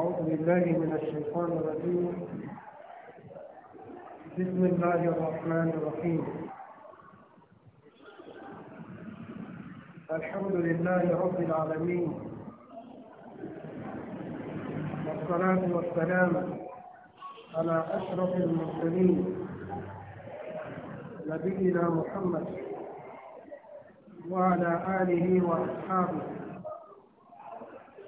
أعوذ بالله من الشيطان الرجيم بسم الله الرحمن الرحيم الحمد لله رب العالمين والصلاة والسلام على أشرف المرسلين نبينا محمد وعلى آله وأصحابه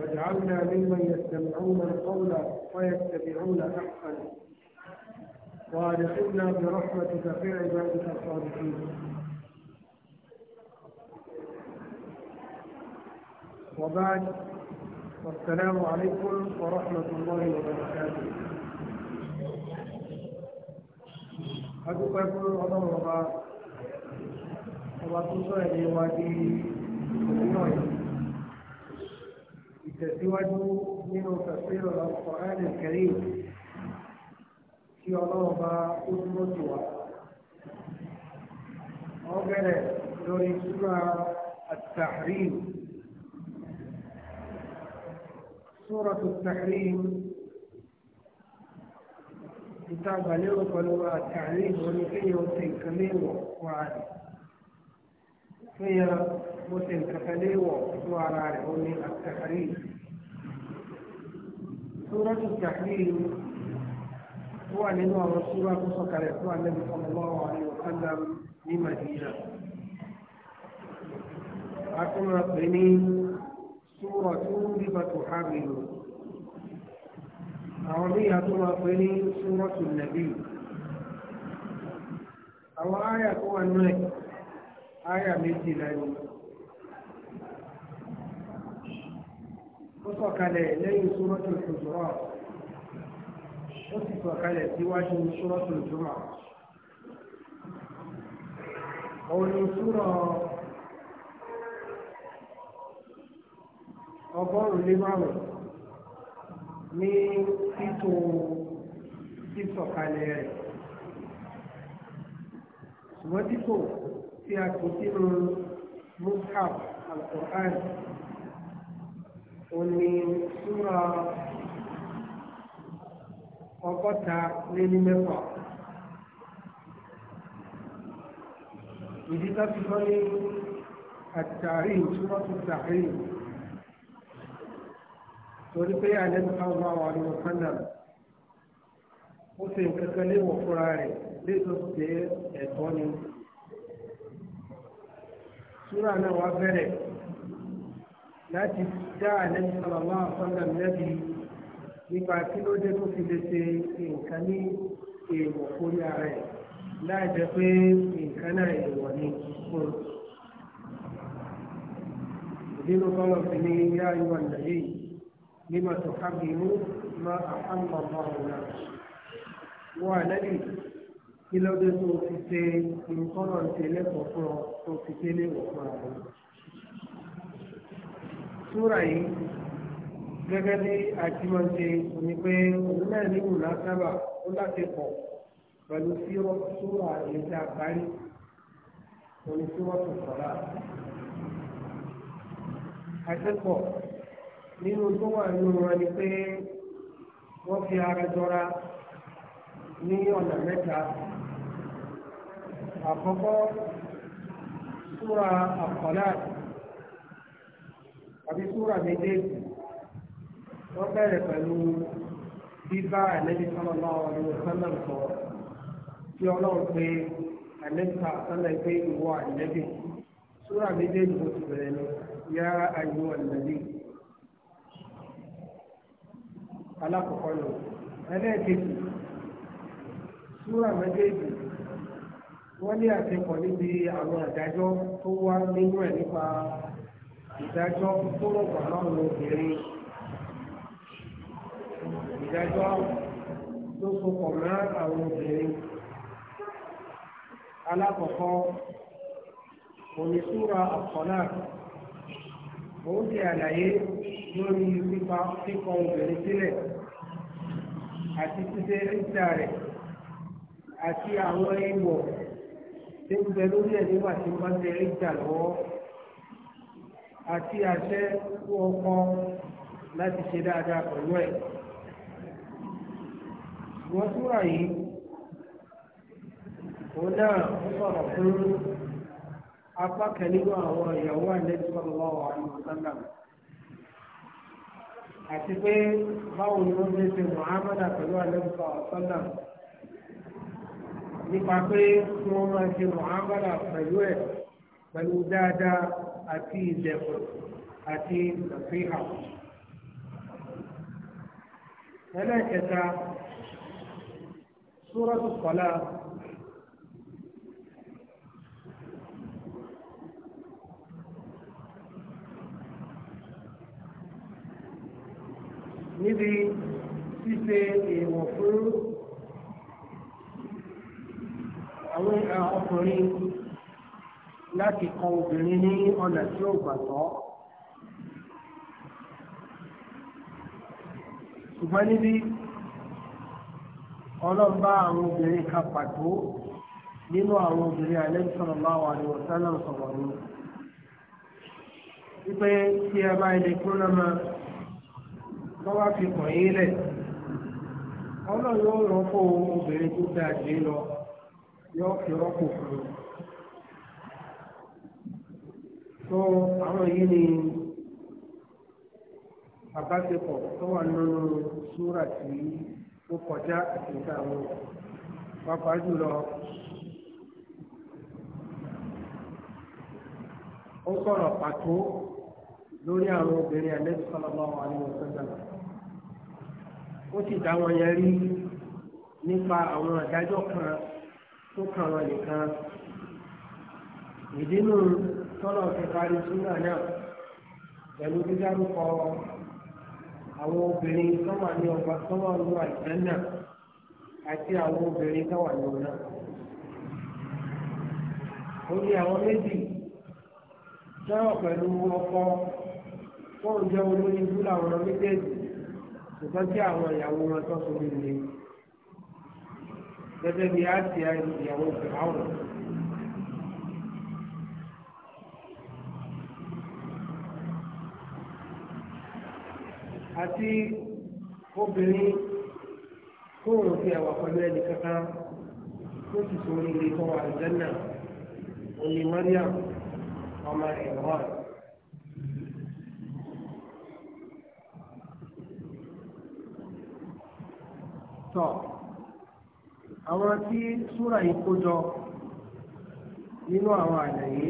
واجعلنا ممن يستمعون القول ويتبعون احسن وادخلنا برحمتك في عبادك الصالحين وبعد والسلام عليكم ورحمة الله وبركاته أدوك يقول الله وبا وبا تصعد وادي تزود من تفسير القرآن الكريم في الأربع أدمت سورة التحريم سورة التحريم كتاب لغة لغة التحريم ونفيه تنكمين وعاد فهي متنكفلي وعلى علم التحريم سورة التحريم هو لنا رسول الله صلى الله عليه وسلم لمدينة أكما قنين سورة لما تحرم أوليها كما قنين سورة النبي أو آية هو النبي آية مثل ó sọ̀kalẹ̀ lẹ́yìn sórọ́tò ìṣòro ó sì sọ̀kalẹ̀ síwájú sórọ́tò ìṣòro òun ni sórọ́ ọgọ́rùn-ún lé márùn-ún ní títò sísọ̀kalẹ̀ rẹ̀ ṣùgbọ́n títò tí a kò sínú mushaf al òní súra ọgọ́ta lé ní mẹ́fà. ìdí tó fi sọ ní àtàrí ìṣúra tó tàrí torí pé àlejò kan wà ní ọ̀kánà ó sì ń kankan léwọ̀ fúnra rẹ̀ léètò sí ẹ̀tọ́ ni. súra náà wá bẹ̀rẹ̀ láti dá àlẹ́bí sọ̀rọ̀ àfọ́nà lẹ́bi nípa kí ló dé tó fi lè ṣe nǹkan ní èèwọ̀ fórí ara ẹ̀ láì jẹ́ pé nǹkan náà èèwọ̀ ni fún un. ìdínú fọlọ́ fi ní yá ìwà nàyè nígbà tó hábì mú má àhámà bá náà. wọ́n àlẹ́bí kí ló dé tó fi ṣe nǹkan náà ṣe lẹ́kọ̀ọ́ fún ọ tó fi ṣe léwọ̀ fún àwọn súra yìí gẹ́gẹ́ bí àtìmọ̀ṣe ni pé òun náà ní ìwúlá sábà ó láti pọ̀ pẹ̀lú sírọ̀ súra èyí àgbáyé òun súra tó sọ̀rọ̀ àtẹ́pọ̀ nínú tó wà nínú wọn ni pé wọ́n fi ara jọra ní ọ̀nà mẹ́ta àkọ́kọ́ súra àkọ́láàtì àbí súrà méjèèjì wọ́n bẹ̀rẹ̀ pẹ̀lú bíbá àlẹ́bí sọ́lọ́lá ọ̀rọ̀ sọ́lọ́ sọ tí ọlọ́run pé àlẹ́bíkà sọ́lọ́ pé ìwọ àlẹ́bí súrà méjèèjì ló ti bẹ̀rẹ̀ lọ yá ayé àlẹ́bí. alákọ̀ọ́kọ́ lọ ẹlẹ́ẹ̀kejì súrà méjèèjì wọ́n ní àṣepọ̀ níbi àwọn àdájọ́ tó wá nínú ẹ̀ nípa ìdájọ́ tó rọ̀gbà máa ń obìnrin ìdájọ́ tó sopọ̀ mọ́ àwọn obìnrin alákọ̀ọ́kọ́ onísúra àkọ́lá ó ṣe àlàyé lórí pípa kíkọ obìnrin sílẹ̀ àti títẹ ìta rẹ̀ àti àwọn ìwọ̀ tí ń bẹ lórí ẹ̀ nígbà tí wọ́n ṣe ìta lọ́wọ́ àti àṣẹ fún ọkọ láti ṣe dáadáa pẹ̀lú ẹ̀. wọ́n túra yìí òun náà ó sọ̀rọ̀ fún apá kan nínú àwọn ìyàwó àlẹ́sọ̀rọ̀ lọ́wọ́ àlùsálà àti pé báwo ni wọ́n fẹ́ ṣe mọ̀hámádà pẹ̀lú àlẹ́sọ̀rọ̀ sálà nípa pé wọ́n máa ṣe mọ̀hámádà pẹ̀lú ẹ̀ pẹ̀lú dáadáa àti ìdẹ̀kùn àti nàfíhà. ẹlẹ́kẹta súrọ́tù kọ́lá níbi ṣíṣe èèwọ̀ fún àwọn ọkùnrin. láti kan obìnrin ní ọ̀nà tí ó gbà tọ́. ṣùgbọ́n níbí ọlọ́mbà àwọn obìnrin kan pàtó nínú àwọn obìnrin bá wà ní ọ̀sánà ni. wípé tí ẹ bá ilé kúrò náà máa wọ́n wá fi kàn yín lẹ̀ ọlọ́run yóò rọ́pò obìnrin fi rọ́pò tó àwọn yìí ni àbáṣepọ̀ tó wà nínú súrà tí ó kọjá àti ìta pàápàá jùlọ ó sọ̀rọ̀ pàtó lórí àwọn obìnrin àlejò sọlọ́mọ àwọn ọ̀sẹ̀dá ó sì dá wọn yẹn rí nípa àwọn kan tó kàn wọn tọ́lọ̀ ti parí súnà náà pẹ̀lú dídárúkọ àwọn obìnrin tọ́wà ní ọba tọ́wà ní àìsánná àti àwọn obìnrin tọ́wà ní ọ̀nà. ó ní àwọn méjì ọkọ fóun jẹ́ olórí méjèèjì ṣùgbọ́n tí àwọn ìyàwó wọn tọ́ sórí ilé gẹ́gẹ́ bí ti ìyàwó àti obìnrin kó òun fi àwà pẹ̀lú ẹnì kankan tó sì sọ orí ilé tó wà àlùjánà òní mariam ọmọ ẹ̀rọ. tọ́ àwọn tí súra yìí kó jọ nínú àwọn àlàyé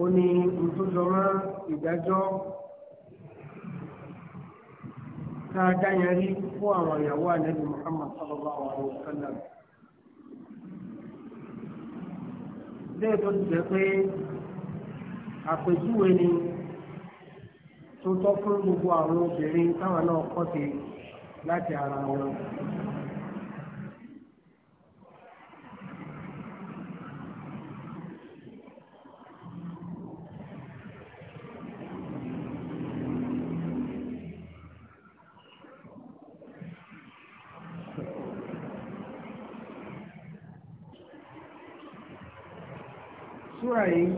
ó ní ntòjọ́mọ́ ìdájọ́. ka a dá awon rí a àwọn ìyàwó ànábì Muhammad sallallahu alaihi wa sallam. bẹ́ẹ̀ tó ti jẹ́ pé àpèjúwe ni tó tọ́ fún gbogbo àwọn obìnrin táwọn náà kọ́ sí láti ara wọn. bẹ̀rẹ̀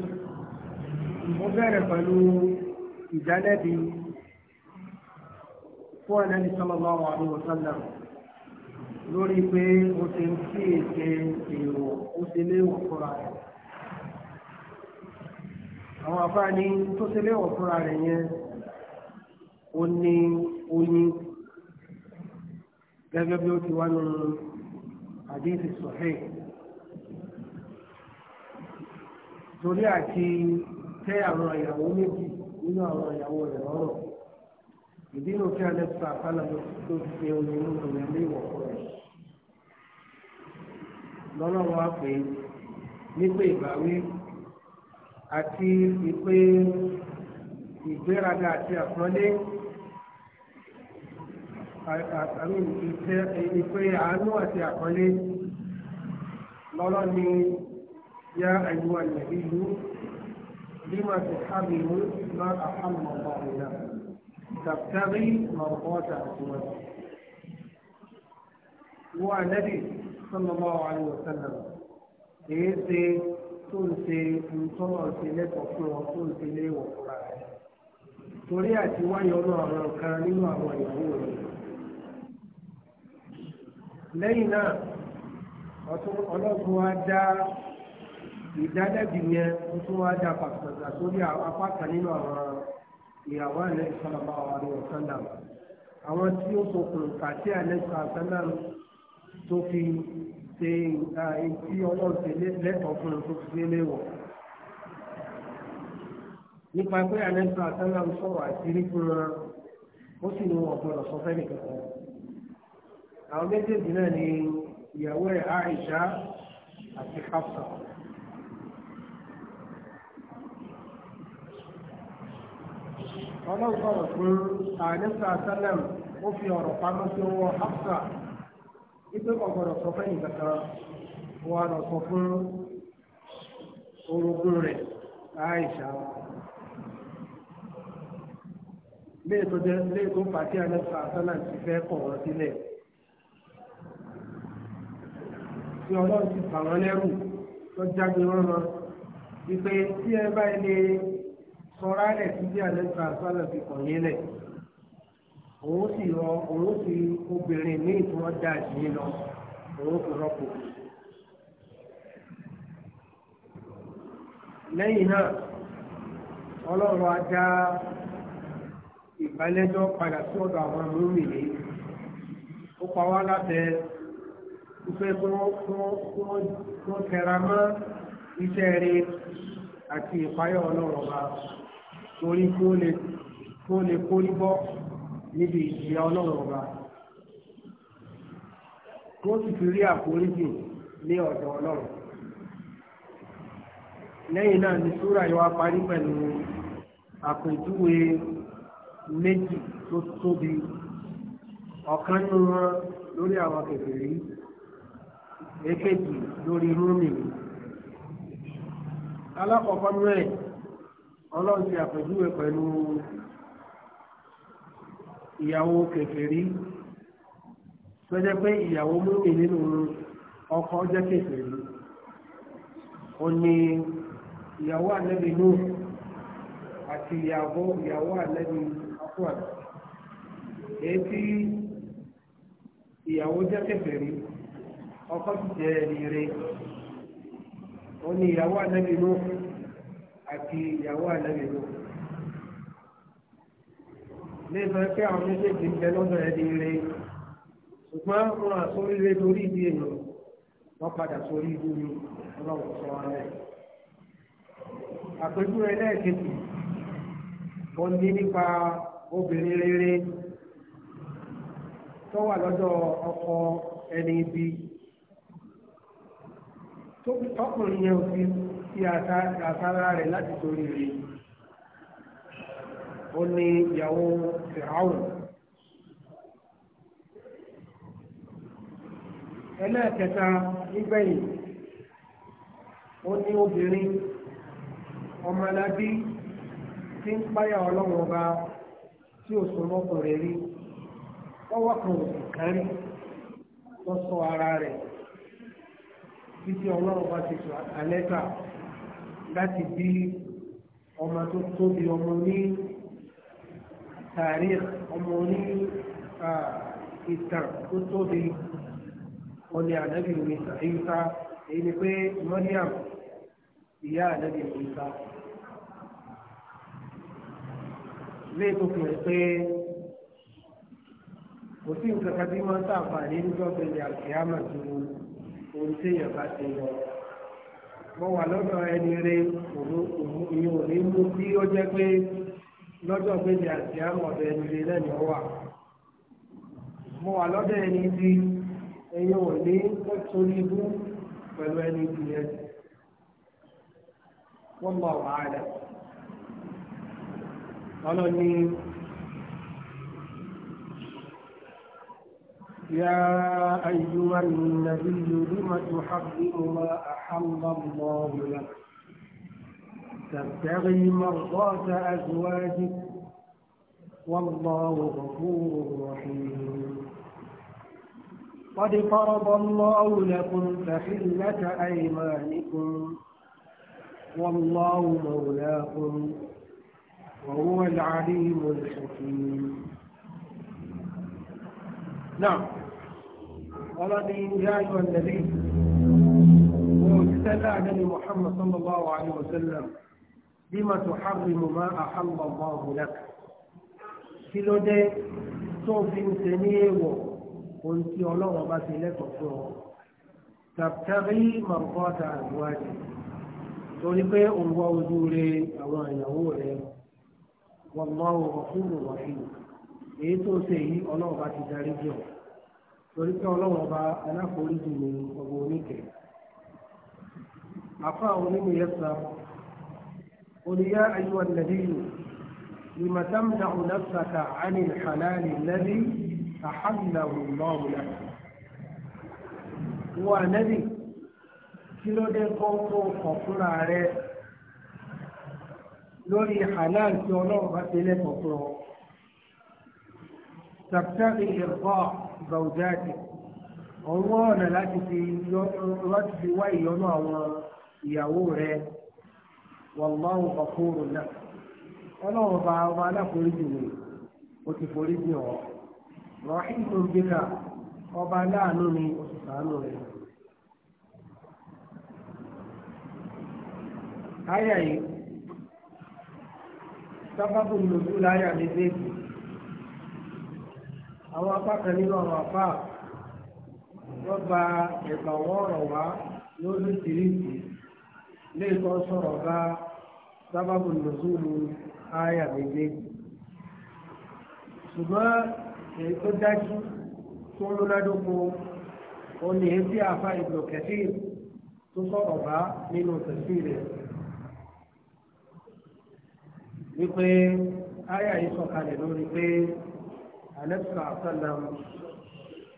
yìí mo bẹ̀rẹ̀ pẹ̀lú ìdálẹ́bi fún ẹ̀nẹ́ni sọ́lọ́lá wa ní wọ́sálà lórí pé o ti ń kí ète èrò o ti léwọ̀ fúnra rẹ̀. àwọn afáàní tó ti léwọ̀ fúnra rẹ̀ yẹn ó ní oyin gẹ́gẹ́ bí ó ti wá nínú àdéhùn sọ̀hẹ́. torí àti tẹ àwọn ìyàwó méjì nínú àwọn ìyàwó rẹ̀ lọ́rọ̀ ìdí ló fi alẹ́ sọ àpálà tó fi omi inú rẹ̀ lé ìwọ̀kọ̀ rẹ̀ lọ́nà wa pé nípa ìbáwí àti ìpè ìgbéraga àti àpọ́nlé àmì ìpè àánú àti àpọ́nlé lọ́lọ́ ni. يا أيها النبي لما تحرم ما أحل الله لك تبتغي مرضات أزواجك wọ́n ànábì sọ́nàmọ́ àwọn ọ̀sánàmù èyí ṣe tó ń ṣe ìtọ́nà ṣe lẹ́tọ̀ọ́ fún wọn tó ń ṣe lé wọ̀ fúnra rẹ̀ torí àti wáyọ̀ náà àwọn kan nínú àwọn ìyàwó rẹ̀. lẹ́yìn náà ọlọ́run wa dá ìdálẹ́bi yẹn ó tún wá dá pàtàkì sórí apá kan nínú àwọn ìyàwó àlẹ́sì sọ́nàmà ọ̀rẹ́ ọ̀sánlá àwọn tí ó sokùn kàtí àlẹ́sì ọ̀sánlá tó fi ṣe etí ọlọ́run ṣe lẹ́tọ̀ọ́ fún un tó fi lé léwọ̀ nípa pé àlẹ́sì ọ̀sánlá sọ̀rọ̀ àṣírí fún wọn ó sì ní wọn gbọdọ̀ sọ fẹ́ẹ́ nìkan àwọn méjèèjì náà ni ìyàwó ẹ̀ àìsá àti hafsa. ọlọ́run pé àníṣà sẹ́lẹ̀m ó fi ọ̀rọ̀ pamọ́ sí owó hafsa ipe ọ̀gọ̀dọ̀ sọ fẹ́yìn kankan wà lọ sọ fún orogún rẹ̀ aisha ti fẹ́ kọ̀ wọ́n sílẹ̀ tí ọlọ́run ti wọ́n lẹ́rù tó jáde lọ tí ẹ báyìí sọra lẹ̀ sí bí alẹ́sà sálẹ̀ fi kàn yín lẹ̀ òun sì rọ òun sì obìnrin míì tí wọ́n dá àṣìyìn lọ òun sì rọ́pò. lẹ́yìn náà ọlọ́run á ìbálẹ́jọ́ padà sí ọ̀dọ̀ àwọn múmìnì ó pa wá lábẹ́ wípé kí wọ́n tẹra mọ́ iṣẹ́ rẹ̀ àti ìpáyọ̀ ọlọ́run bá torí kó lè kó lè kórí bọ́ níbi ìṣẹ́ ọlọ́run ọba kó sì fi rí àforíjì ní ọ̀dọ̀ ọlọ́run lẹ́yìn náà ni súrà yìí wá parí pẹ̀lú àpèjúwe méjì tó tóbi ọ̀kan nínú wọn lórí àwọn kékeré èkejì lórí rúmi alákọ̀ọ́kọ́ nú ẹ̀ ọlọ́run ti àpèjúwe pẹ̀lú ìyàwó kẹfẹ́rí tó jẹ́ pé ìyàwó múmi nínú ọkọ jẹ́ kẹfẹ́rí ó ní ìyàwó ànẹ́bí nù àti ìyàwó ìyàwó ànẹ́bí akwan èyí tí ìyàwó jẹ́ kẹfẹ́rí ọkọ ti jẹ́ ẹ̀rí rẹ̀ ó ní ìyàwó ànẹ́bí nù. àti ìyàwó àlẹ́bí lò. Léèfé pé àwọn méjèèjì ń bẹ lọ́dọ̀ ẹ̀ di ire. Ṣùgbọ́n wọn àsoríire torí ìdí èèyàn wọ́n padà sórí ìlú mi ọlọ́run sọ wọn ní nípa obìnrin rere tó wà lọ́dọ̀ ọkọ ẹni ibi. Tọkùnrin yẹn ò fi tí àtàrà rẹ̀ láti torí rẹ̀ ó ní ìyàwó fìràwùn. ẹlẹ́ẹ̀kẹta nígbẹ̀yìn ó ní obìnrin ọmọlábí tí ń páyà ọlọ́run ọba tí ò sọ rẹ̀ rí ọwọ́ kan ò sì kárí tó sọ ara rẹ̀ títí ọlọ́run bá ti sọ àlẹ́ta láti bí ọmọ tó tóbi ọmọ ní tàrí ọmọ ní ìtàn tó tóbi ọ̀nì ànábì ìta èyí ni pé mọ́níàm ìyá ànábì ìta. ilé tó fi hàn pé kò sí nǹkan kan tí wọ́n ń sàǹfààní nígbà pẹ̀lú àkíyàmà tó ohun téèyàn bá ti lọ. mo wà lọ́dọ̀ ẹni rẹ òun ò ní mú bí ó jẹ́ pé pé ní àti ẹni rẹ lẹ́nu wà mo wà lọ́dọ̀ ẹni bí ẹ̀yin ò ní kó torí ẹni يا أيها النبي لم تحرم ما أحل الله لك تبتغي مرضات أزواجك والله غفور رحيم قد فرض الله لكم تحلة أيمانكم والله مولاكم وهو العليم الحكيم náà ọlọ́ni ìyá ayọ̀ nẹ̀lẹ́ wọn ò tẹ́lẹ̀ àdẹ́ni muhammad sallallahu alayhi wa sallam bí ma tó hàrìmù má a hàlọ́ mọ́ ọ̀hùnlẹ̀ kí ló dé tó fi ń ṣe ní èèwọ̀ ohun tí ọlọ́wọ́ bá ti lẹ́tọ̀ọ́ fún ọ tàbí mọ̀kọ́ta àdúrà torí pé òun wá ojú rẹ àwọn ìyàwó rẹ wọ́n mọ́ ọ̀hún wọ̀nyí èyí tó ṣe yìí ọlọ́run bá ti darí jù ọ́ torí pé ọlọ́run ọba aláforíjì ni ọgbọ́n oníkẹ́ afa onímọ̀ yẹn sá oníyá ayé wa nàbí yìí lima tamda nafsaka ani halali nabi ahallahu llahu lak nabi kí ló dé rẹ lórí halal tí ọlọ́run bá ti lẹ́kọ̀ọ́ تبتغي إرضاء زوجاتك ọwọ́ ọ̀nà láti fi láti fi wá ìyọnú ọba o ti foríjì ọ́ àwọn apákan nínú àwọn apá wọ́n gba ẹ̀gbà wọ́ọ̀rọ̀ wá lórí tìrìtì lẹ́ẹ̀kọ́ sọ̀rọ̀ bá sábàbù nùzúlù áyà méjèèjì ṣùgbọ́n èyí tó dájú tó múnádóko ó ní etí àfa ìbò kẹsí tó sọ̀rọ̀ bá nínú tẹ̀sí rẹ̀ wípé áyà yìí sọ̀kalẹ̀ lórí pé. àlẹ́sà àṣàlám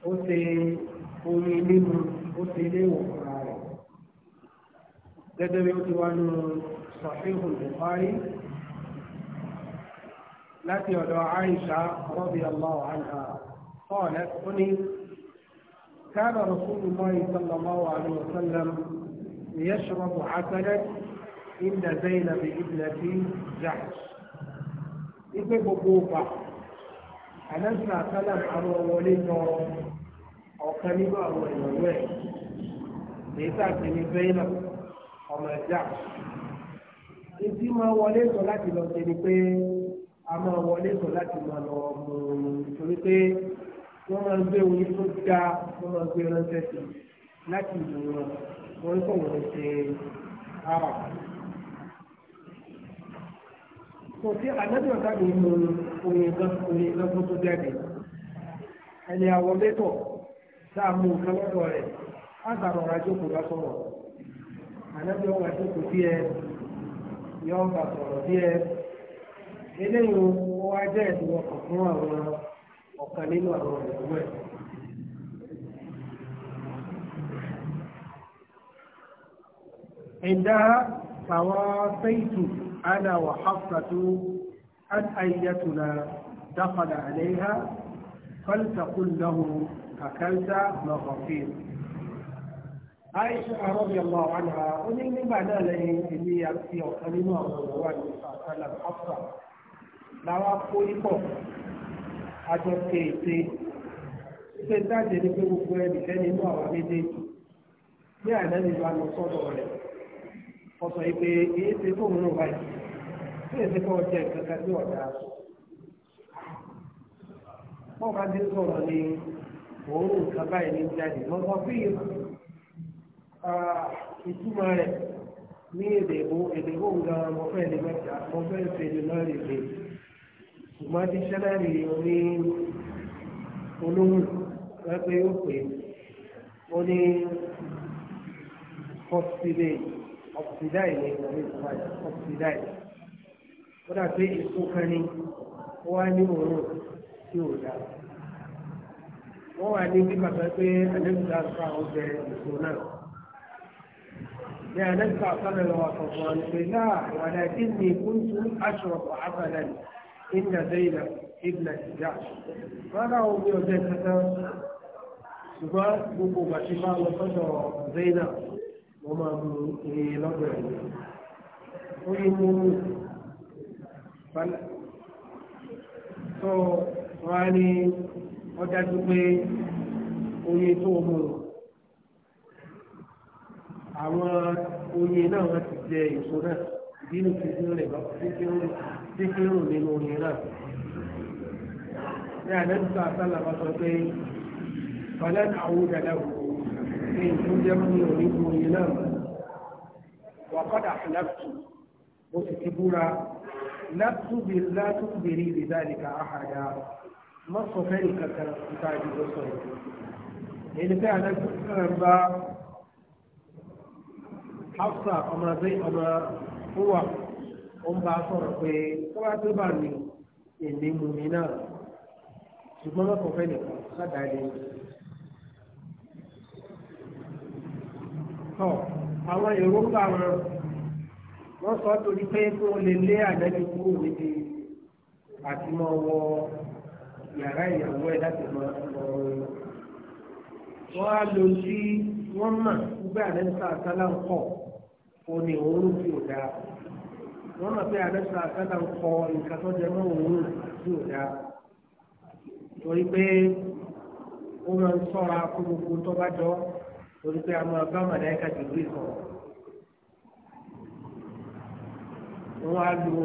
ó ṣe omi nínú ó ṣe ilé ìwòsàn rẹ̀ gẹ́gẹ́ bí ó ti wá nínú sọ̀fíhùn bùkárí láti ọ̀dọ̀ àìsà rọ́bì aláwọ̀ àìsà قالت قل كان رسول الله صلى الله عليه وسلم يشرب عسلا عند زينب ابنة جحش. إذا بقوقع àlẹ́sìn àkálà àwọn wọlé yan ọ̀kan nínú àwọn ìyàwó ẹ̀ èyí tá a pè ní bẹ́ẹ̀nà ọmọ ẹ̀dá. Etí máa wọlé sọ láti lọ ṣe ni pé a máa wọlé sọ láti máa lọ mú un torí pé wọ́n máa ń gbé oyin tó dáa wọ́n máa ń gbé ránṣẹ́ sí láti ìlú wọn wọ́n kọ̀ wọ́n ṣe ara. kò sí ànábì ọ̀tá mi mú oyin kan oyin tó tó jáde ẹni àwọ̀ lẹ́tọ̀ tá a mú nǹkan lọ́dọ̀ rẹ̀ á sàrọ̀ ọ̀rọ̀ ajókòó bá sọ̀rọ̀ ànábì ọ̀rọ̀ ajókòó bí ẹ yọ ọ̀gá sọ̀rọ̀ bí ẹ eléyìí ó wá jẹ́ ẹ̀sìn ọkàn fún àwọn أنا وحفصة أن أيتنا دخل عليها فلتقل له أكلت مغفير عائشة رضي الله عنها قل من بعد اللي يأتي وكلمة الله عليه وسلم لا أقول àjọ kéèké ṣe jáde ní pé gbogbo ẹnìkẹ́ni inú àwọn méjèèjì ọ̀sọ̀ ìpè èyí ti fún òun náà báyìí tí èsì kan jẹ́ kankan tí ọ̀dà sọ. wọ́n bá dé sọ̀rọ̀ ní òórùn kan báyìí ní jáde wọ́n sọ pé ìtumọ̀ rẹ̀ ní èdè ìbò èdè ìbò ń gan mo fẹ́ lè mẹ́ta mo fẹ́ lè lọ́ rè lè ṣùgbọ́n dísẹ́lẹ́rì oní olóhùn wọ́n pé pè é ó ní fọ́sílẹ̀ yìí ọ̀pùsídáì ní ìgbàlẹ̀ ìfàyà ọ̀pùsídáì ó dà pé èso kan ní ó wá ní òórùn tí ò dáa wọ́n wà ní bí bàbá pé àlẹ́sùdá fa ọbẹ̀ èso náà ní àlẹ́sùdá sọ́nà lọ́wọ́ àkọ́kọ́ ní pé náà wà láì kí ni kúntù aṣọ àbàlẹ̀ ìnà dẹ́yìnà ìbìnà ìjà rárá omi ọjọ́ ìtẹ́tẹ́ ṣùgbọ́n gbogbo bàtí máa lọ sọ́dọ̀ wọ́n máa mú eré lọ́dọ̀ ẹ̀ ó yí mú mú balẹ̀ tó wọ́n á ní ọ̀dájú pé oye tó mú àwọn oye náà wọ́n ti jẹ èso náà ìdínú ti rẹ̀ bá dín rò nínú oye náà ní àdéhùn sọ àtàlà bá sọ pé balẹ̀ àwọn òdàdà wò. في جمعي أريد إلام وقد أحلفت وستبورا لا تخبر لا تخبري بذلك أحدا ما صفرك كتاب بصرك إن كان كربا حفصة أما زي أما هو أم بعصر في كما تبعني إني مؤمنة ثم ما صفرك كتاب tọ̀ àwọn èròǹgbà wọn wọ́n sọ torí pé kí wọ́n lè lé àjẹjì kúrò níbi àti mọ wọ yàrá ìyàwó ẹ láti mọ ọrùn wọn á lò sí wọn mà gbé àdẹ́sà sálà ń kọ̀ òní òórùn tí ò dáa wọn mà pé àdẹ́sà sálà ń kọ nǹkan tó jẹ mọ́ òórùn tí ò dáa torí pé ó máa ń sọ́ra kó tó bá jọ ọ́ torí pé a máa bá màláìka jìbìrì sọ̀rọ̀ wọ́n á lo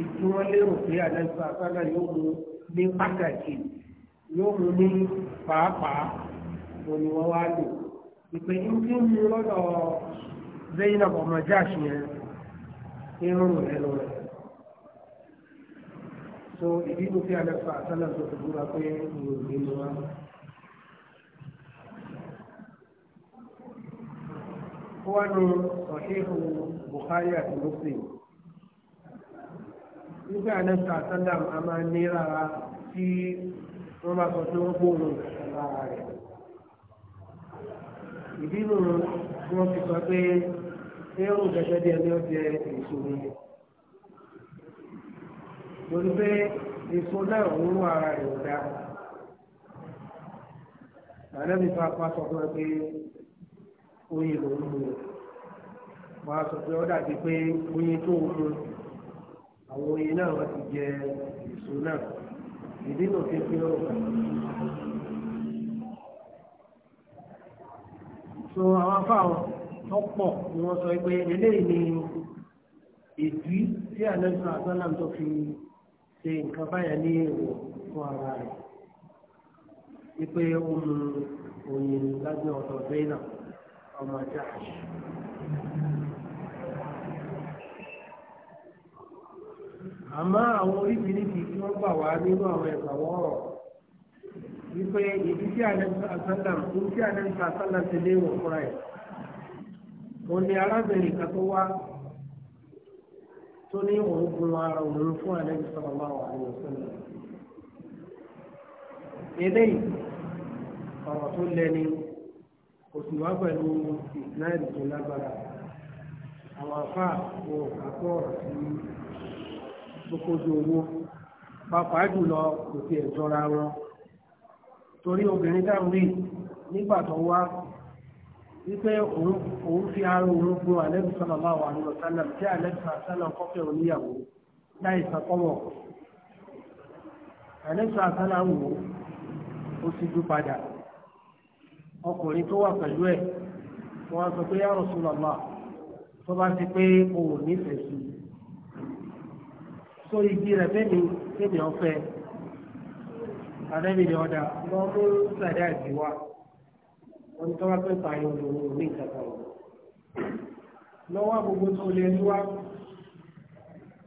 ìtú wọn lérò pé àdáńsọ àtàlà yóò mú ní pàtàkì yóò mú ní pàápàá òní wọn wá lò ìpè ní kí n mú lọ́dọ̀ Zainab ọmọ jáàsì yẹn irun rẹ̀ lọ so ìdí tó fi àdáńsọ àtàlà tó fi búra pé mi ò ní mú wa. wá ní ọ̀ṣẹ́fù buhari àti muslim nígbà náà sàtàndàm a máa ní rárá tí wọ́n bá sọ pé wọ́n gbóòórùn lára rẹ̀ ìdí nù wọ́n fi sọ pé ẹrù gẹ́gẹ́ bí ẹni ọ̀jẹ̀ èso ni lórí pé èso náà ń rún ara rẹ̀ dá ànábìfà pa sọ fún ẹ pé oyin ló ń mu wọn a sọ pé ó dàbí pé oyin tó ń mu àwọn oyin náà wọn ti jẹ èso náà ìdí náà fi fi ọ̀rọ̀ kan. so àwọn afáwọn ọ̀pọ̀ ni wọ́n sọ pé eléyìí ni ìdí tí àlẹ́sọ àgbàlám tó fi ṣe nǹkan báyà ní èrò fún ara rẹ̀ wípé ó mu oyin lágbẹ́ ọ̀dọ̀ bẹ́ẹ̀ náà ọmọ Jahsh àmọ́ àwọn oríṣiríṣi tí wọ́n gbà wá nínú àwọn ẹ̀fà wọ́ọ̀rọ̀ wípé ìdí tí àlẹ́sàlám ń tí àlẹ́sàlám ti lé wọ̀ fúnra ẹ̀ òun ni arábìnrin kan tó wá tó ní òun gun ara òun fún àlẹ́sàlám àwọn ọ̀sẹ̀lẹ̀ eléyìí ọ̀rọ̀ tó lẹ́ni kò sì wá pẹ̀lú ìsìláìlì tó lágbára àwọn afá àpò àpò ọ̀rọ̀ sí gbogbo owó pàápàá jùlọ kò tiẹ̀ jọra wọn torí obìnrin tá à ń wí nígbà tó wá wípé òun fi ara òun gun àlẹ́bí sọ́nà máa wà nínú sálà tí àlẹ́bí sọ́nà oníyàwó láì sàkọ́wọ̀ àlẹ́bí wò ó sì dú padà ọkùnrin tó wà pẹ̀lú ẹ̀ wọ́n sọ pé ya Rasulullah tó bá ti pé o ò nífẹ̀ẹ́ sí i so igi rẹ̀ bẹ́ẹ̀ ni kéde ọ̀fẹ́ àdẹ́bìnrin ọ̀dà lọ mú sàdé àti wá wọn tó wá pé pààyàn lòun ò ní ìjàpá wọn lọ́wọ́ gbogbo tó lè rí wá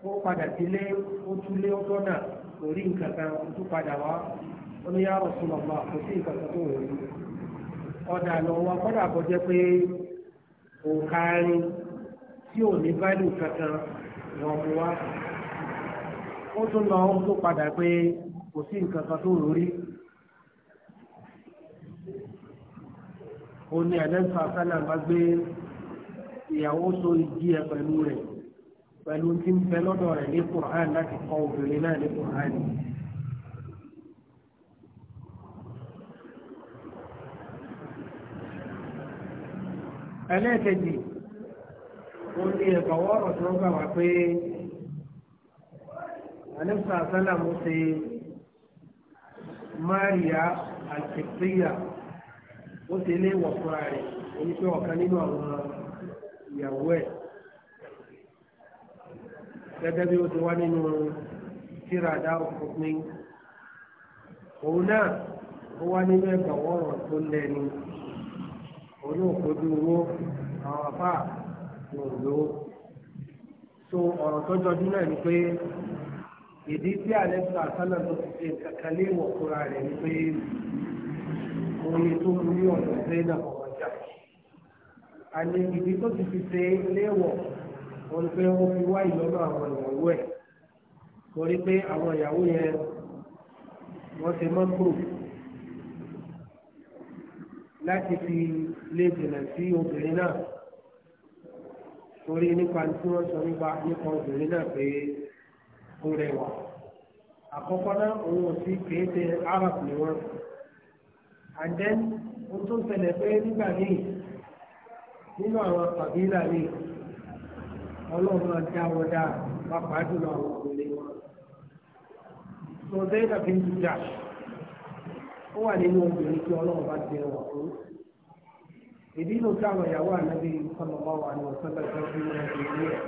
ó padà sílé ó túlé ó tọ́nà lórí nǹkan kan ó padà wá ó ní ya Rasulullah kò sí nǹkan kan tó wọ̀ ọ́ ọ̀dà lọ́wọ́ kọ́dà kó jẹ́ pé òkaarin tí ò ní báyìí kankan wọ́n mú wá. ó tún lọ ó tún padà pé kò sí nǹkan kan tó lórí. ó ní àdẹ́sọ̀ àkàlà bá gbé ìyàwó so ìdí ẹ pẹ̀lú rẹ̀ pẹ̀lú tí ń bẹ lọ́dọ̀ rẹ̀ ní kùrán láti kọ́ obìnrin náà ní kùrán yìí. ẹlẹ́ẹ̀kejì ó ní ẹ̀kọ́ wọ́ọ̀rọ̀ tó gbà wá pé alẹ́sà sálàmù ṣe máríà àtìkíyà ó ṣe lé wọ̀ fúnra rẹ̀ èyí pé ọ̀kan nínú àwọn ìyàwó ẹ̀ gẹ́gẹ́ bí ó ti wá nínú tírada òfin òun náà ó wá nínú ẹ̀kọ́ wọ́ọ̀rọ̀ tó lẹ́nu olóòkójú owó àwọn afá ní òlówó so ọ̀rọ̀ tó jọjú náà ni pé ìdí tí àlẹ́sọ àsálà tó ti ṣe kankan lé wọ̀ fúnra rẹ̀ ni pé oye tó mú ní ọ̀dọ̀ ṣe náà kọ̀ ọjà àní ìdí tó ti fi ṣe léwọ̀ wọn pé ó fi wá ìlọ́nà àwọn ìyàwó ẹ̀ torí pé àwọn ìyàwó yẹn wọ́n ti máa ń láti fi lè dènà sí obìnrin náà torí nípa tí wọ́n sọ nípa nípa obìnrin náà pé ó rẹwà àkọ́kọ́ náà òun ò sí kéde arab ni wọ́n and then ó tún ṣẹlẹ̀ pé nígbà míì nínú àwọn kàbílà míì ọlọ́run máa dá wọn dá pàápàá jùlọ àwọn obìnrin wọn. sọ zẹ́yìn àbí ń dúdà ó wà nínú obìnrin tí ọlọ́run bá jẹ wà fún. ìdí inú táwọn ìyàwó ànábì sọlọ bá wà ní ọ̀sán tẹ̀sán fún wọn ti rí ẹ̀.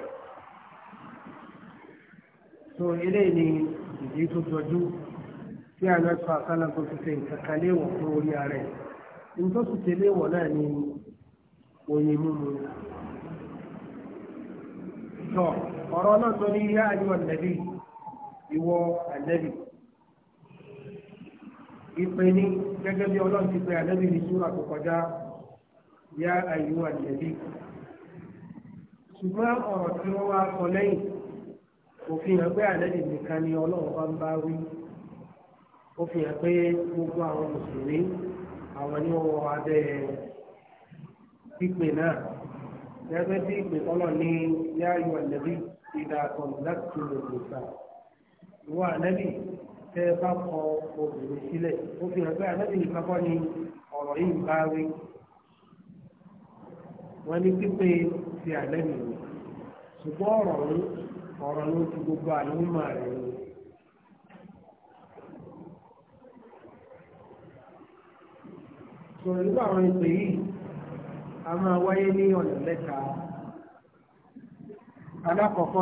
so eléyìí ni ìdí tó jọjú tí àná sọ àkàlà tó ti ṣe ìkankan léèwọ̀ fún orí ara ẹ̀. nítorí tó ti léèwọ̀ náà ni oyin mímu. sọ ọ̀rọ̀ náà tó ní yá àyíwá nàbí ìwọ ànábì ìpè ní gẹ́gẹ́ bí ọlọ́run ti pe ànábì ní súrà tó kọjá yá àyù àjẹbí ṣùgbọ́n ọ̀rọ̀ tí wọ́n wá sọ lẹ́yìn òfin hàn pé ànábì nìkan ni ọlọ́run bá ń bá wí òfin hàn pé gbogbo àwọn mùsùlùmí àwọn ni wọ́n wọ abẹ́ pípè náà gẹ́gẹ́ bí ìpè kọ́lọ̀ ní yá àyù àjẹbí ìdá àtọ̀nù láti tún lè ànábì. tẹ ẹ bá kọ obìnrin sílẹ̀ ó fi hàn pé àlẹ́bí ni ọ̀rọ̀ yìí ń bá wí wọ́n ní pípé ti àlẹ́bí rẹ̀ ṣùgbọ́n ọ̀rọ̀ ní ọ̀rọ̀ ló ti gbogbo àlùmọ̀ rẹ̀ ni. sọ̀rọ̀ nípa àwọn ìpè yìí a máa wáyé ní ọ̀nà mẹ́ta alákọ̀ọ́kọ́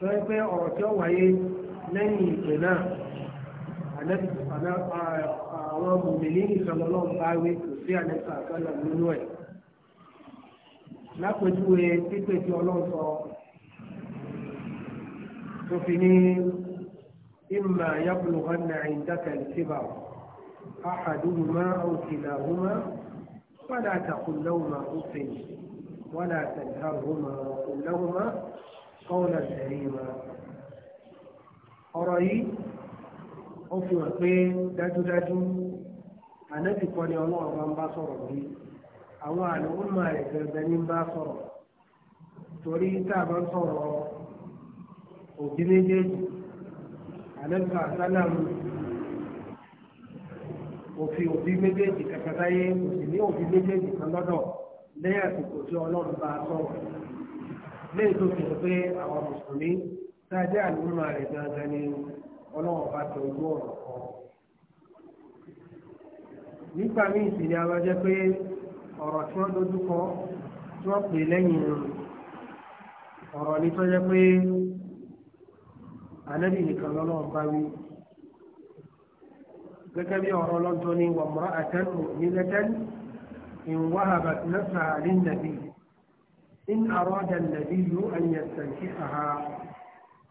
tó yẹ pé ọ̀rọ̀ tí ó wáyé lẹ́yìn ìpè náà àwọn mùmìnì ìsọlọ́lọ́ ń bá wí kò sí àlẹ́sà àkọlẹ̀ nínú ẹ̀. lápẹjúwe pípé tí ọlọ́run sọ tó fi ní ìmà yàgùlùkọ́ náà ìdákẹ́ ìtìbà àhàdùnmá òkìlàhùnmá padà tàkùnlẹ́hùnmá òfin wọ́n àtẹ̀dárùnmá òkùnlẹ́hùnmá. قولا كريما ọ̀rọ̀ yìí ó fi hàn pé dájúdájú ànábì kan ni ọlọ́run bá ń bá sọ̀rọ̀ bí àwọn àlùmọ́ rẹ̀ gẹ̀gẹ̀ ní ń bá sọ̀rọ̀ torí tá a bá ń sọ̀rọ̀ òbí méjèèjì ànábì kan sálàmù òfin òbí méjèèjì kàkàtà yé kò sì ní òbí méjèèjì lẹ́yìn tó fi hàn pé àwọn mùsùlùmí tá a jẹ́ àlùmọ́ rẹ̀ gangan ni ọlọ́run bá tẹ ojú ọ̀rọ̀ kan. nígbà míì sì ni a jẹ́ pé ọ̀rọ̀ tí wọ́n dojú kọ tí wọ́n pè lẹ́yìn ọ̀rọ̀ ni tó jẹ́ pé ànábì nìkan lọ́lọ́run bá wí gẹ́gẹ́ bí ọ̀rọ̀ lọ́jọ́ ni wàmúrà àtẹ́nu nílẹ̀tẹ́nu ìwọ́n àbàtì náà sàálì nàbí. إن أراد النبي أن يستنكحها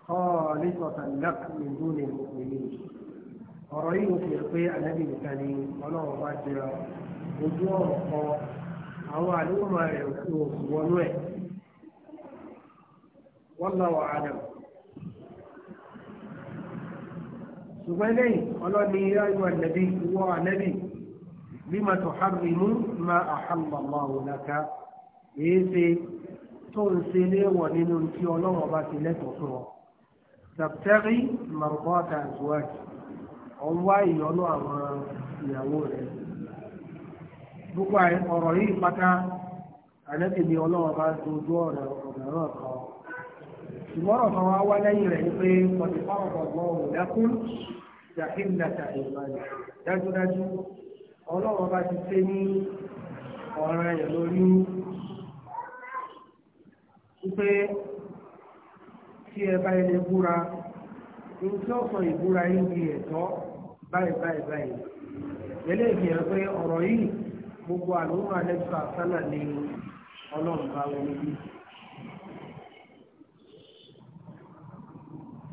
خالصة لك من دون المؤمنين أرأيه في القيع النبي الثاني ولا أراجع وجوه أو علوم ونوع والله أعلم ṣùgbọ́n lẹ́yìn ọlọ́ni ayọ̀ ànàbí wọ ànàbí bí ma tó hàrìmú ma àhàmàmà òun láka èé ṣe tó ń ṣe léèwọ̀ nínú tí ọlọ́wọ́n bá ti lẹ́tọ̀ọ́ fún ọ. dàpẹ́rì màrúbọ́ọ̀dà zuwájì ọ̀n wá ìyọnú àwọn ìyàwó rẹ̀. gbogbo ọ̀rọ̀ yìí pátá àlẹ́bí ni ọlọ́wọ́n bá dojú ọ̀rọ̀ ọ̀gáràn kan. ìmọ̀ràn kan wá wá lẹ́yìn rẹ̀ pé kọ̀dé fáwọn ọ̀gbọ́n òun wípé tí ẹ bá ilé búra ohun tí ó sọ ìbúra yìí di ẹ̀tọ́ báyìí báyìí báyìí eléyìí ẹ pé ọ̀rọ̀ yìí gbogbo àlùmọ́ alẹ́sọ̀ àsálà ni ọlọ́run bá wọlé bí.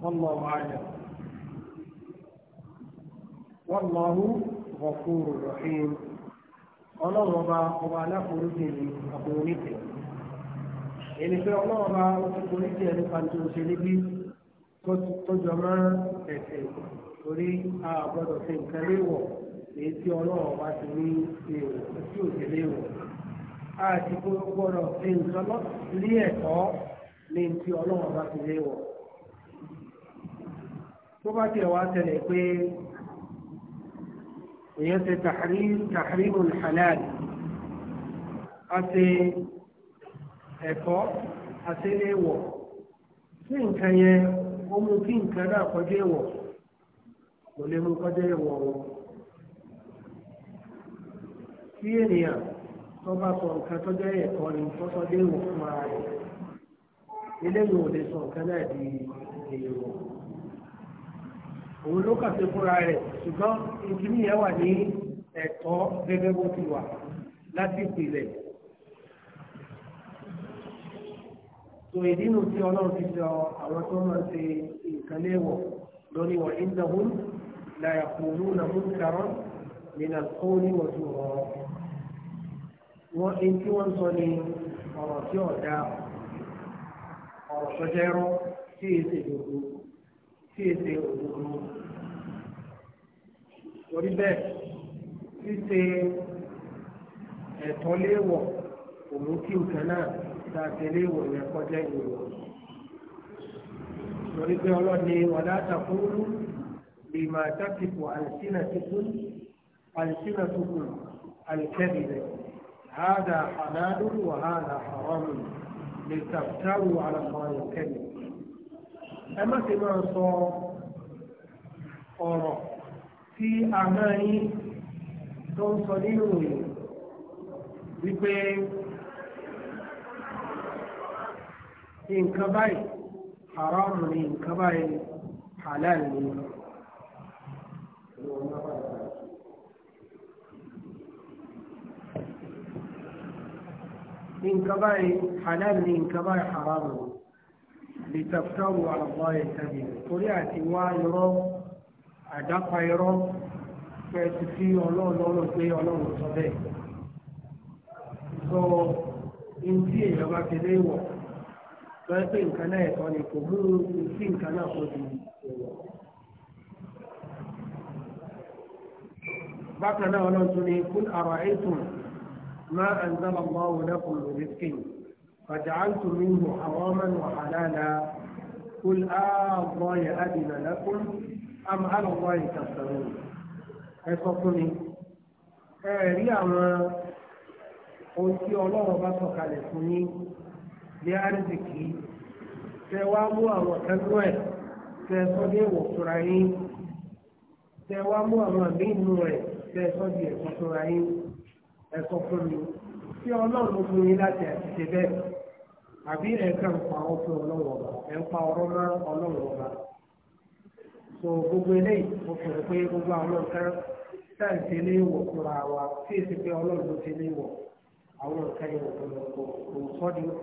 والله أعلم والله غفور رحيم ẹni pé ọlọ́run bá orí jẹ́ nípa tó ṣe níbí tọ́jọ́ máa ẹ̀sẹ̀ torí a gbọ́dọ̀ ṣe nǹkan léwọ̀ èyí tí ọlọ́run bá ti ní èèwọ̀ tí ò ṣe léwọ̀ a ti gbọ́dọ̀ ṣe nǹkan lé ẹ̀kọ́ ní ti ọlọ́run ti léwọ̀ tó bá tiẹ̀ wá tẹ̀lé pé èèyàn ṣe tàhírí tàhírí olùhàlẹ́ àti. ẹ̀kọ́ àtẹlẹ́wọ̀ sí nǹkan yẹn ó mú kí nǹkan náà kọjá ẹ̀wọ̀ kò lè mú o. ènìyàn tó bá sọ nǹkan tó jẹ́ ẹ̀kọ́ ni tó sọ dé ìwọ̀ fún ara rẹ̀ eléyìí ò lè sọ nǹkan di èèwọ̀ òun ló fúnra rẹ̀ ṣùgbọ́n wà ní ẹ̀tọ́ gẹ́gẹ́ bó ti wà tó ìdí nù tí ọlọ́run ti sọ àwọn tó máa ń ṣe nǹkan léèwọ̀ lórí wọ̀ ìdáhùn láyà kúrú nà mú kàrọ́ nínà tó níwọ̀tú ọ̀rọ̀ wọn èyí tí wọ́n sọ ni ọ̀rọ̀ tí ọ̀dà ọ̀rọ̀ tó jẹ́ rọ́ tí èsè dòdò tí èsè òdòdò torí bẹ́ẹ̀ ṣíṣe ẹ̀tọ́ léèwọ̀ òun nǹkan náà tàbílé ìwò yẹn kọjá ìwò lórí pé ọlọ́ni wàlá àtàkùrú lè máa dákìpọ̀ àìsínà tuntun àìsínà tuntun àìkẹ́bìrẹ̀ هذا حلال وهذا حرام لتفتروا على الله الكذب أما كما صار ọ̀rọ̀ tí a máa ń tó ń sọ nínú ìwé wípé nǹkan báyìí haram ni nǹkan báyìí halal ni. nǹkan báyìí halal ni nǹkan báyìí haram ni. لتفتروا على الله الكذب torí àti wá irọ́ àdápa irọ́ pé ti fi ọlọ́run lọ́rùn pé ọlọ́run sọ bẹ́ẹ̀ sọ ohun tí èèyàn bá fi lé sọ pé nǹkan náà ẹ̀kọ́ ni kò mú sí nǹkan náà kó di èèwọ̀. bákan náà ọlọ́run tún ní kún àrà ètò máa ń dábà máa wò lẹ́kùn lórí skin فجعلت منه حراما وحلالا قل آه الله أذن لكم أم على الله تفترون ẹ sọ fún mi ẹ rí àwọn ohun tí ọlọ́run bá sọ̀kalẹ̀ fún yín ní àrísìkì tẹ wá mú àwọn kẹlú ẹ tẹ sọ ní èèwọ̀ fúnra yín tẹ wá mú àwọn àmì inú ẹ tẹ sọ di ẹ̀kọ́ fúnra yín ẹ̀kọ́ fún mi tí ọlọ́run fún yín láti àtìṣe bẹ́ẹ̀ àbí ń pa fún ọlọ́run ọba ń pa ọlọ́run ọba gbogbo eléyìí mo fẹ́ pé àwọn nǹkan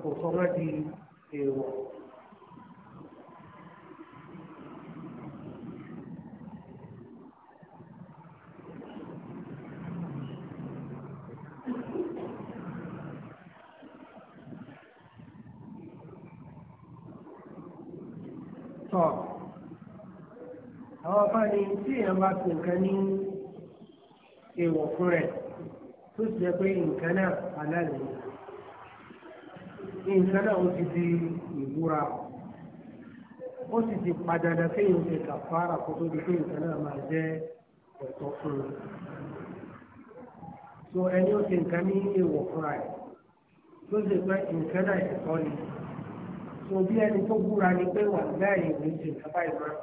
kò sọ di èèwọ̀. tọ̀ àwọn afáàní tí èèyàn bá pè nǹkan ní èèwọ̀ fún rẹ̀ tó sì jẹ́ pé nǹkan náà halal nǹkan náà ó ti di ìbúra ó sì ti padàdà kéèyàn ṣe kàfàrà kó tó di pé nǹkan náà máa jẹ́ ẹ̀tọ́ fún un so ẹni ó ṣe nǹkan ní èèwọ̀ fúnra ẹ̀ tó ṣe pé nǹkan náà ẹ̀tọ́ ni so bí ẹni tó búra ni pé wà láàyè ìlú ṣe nǹkan báyìí máa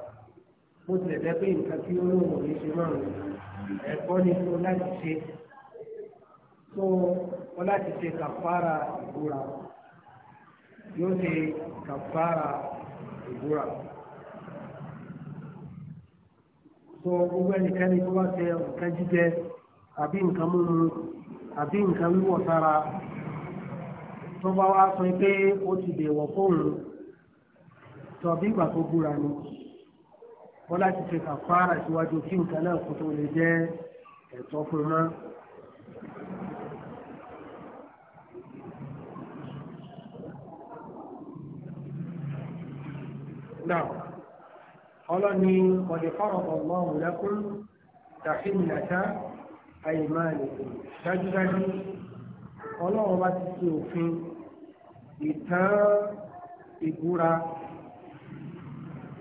bó tilẹ̀ jẹ́ pé nǹkan tí olóòwò yìí ṣe náà ẹ̀kọ́ ni fún láti ṣe so wọn láti ṣe kàfàrà ìbúra yóò ṣe kàfàrà ìbúra. sọ gbogbo ẹnikẹ́ni tó bá ṣe nǹkan jíjẹ àbí nǹkan mímu àbí nǹkan wíwọ̀ sára tó bá wá sọ pé ó ti dèwọ̀ fóun tọ̀bí ìgbà tó búra ni wọ́n láti ṣe kàfàrà síwájú kí nǹkan náà kó tó lè jẹ́ ẹ̀tọ́ fún un náà. náà ọlọ́ni ọ̀dẹ̀ fọ́rọ̀bọ̀ lọ́wọ́ lẹ́kún tàfínàtà àìmáàlì dájúdájú ọlọ́run bá ti ṣe òfin ìtàn ìbúra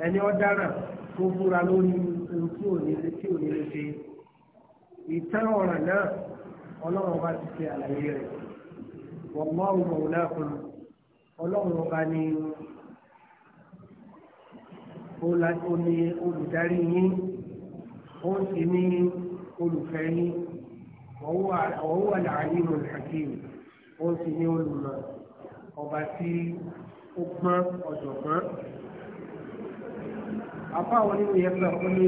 ẹni ọ̀daràn tó búra lórí ohun tí ò ní lè tí ò ní lè ṣe ìtàn ọ̀ràn náà ọlọ́run bá ti ṣe àlàyé rẹ̀ wọ́n mọ́ ọ̀rùn mọ̀ọ́lá fún ọlọ́run ọba ní ó ní olùdarí yín ó sì ní olùfẹ́ yín wọ́n wà láàyè olùhàkìm ó sì ní olùmọ̀ ọba tí ó gbọ́n ọ̀jọ̀gbọ́n. àfáwọn nínú yẹn gbà ó ní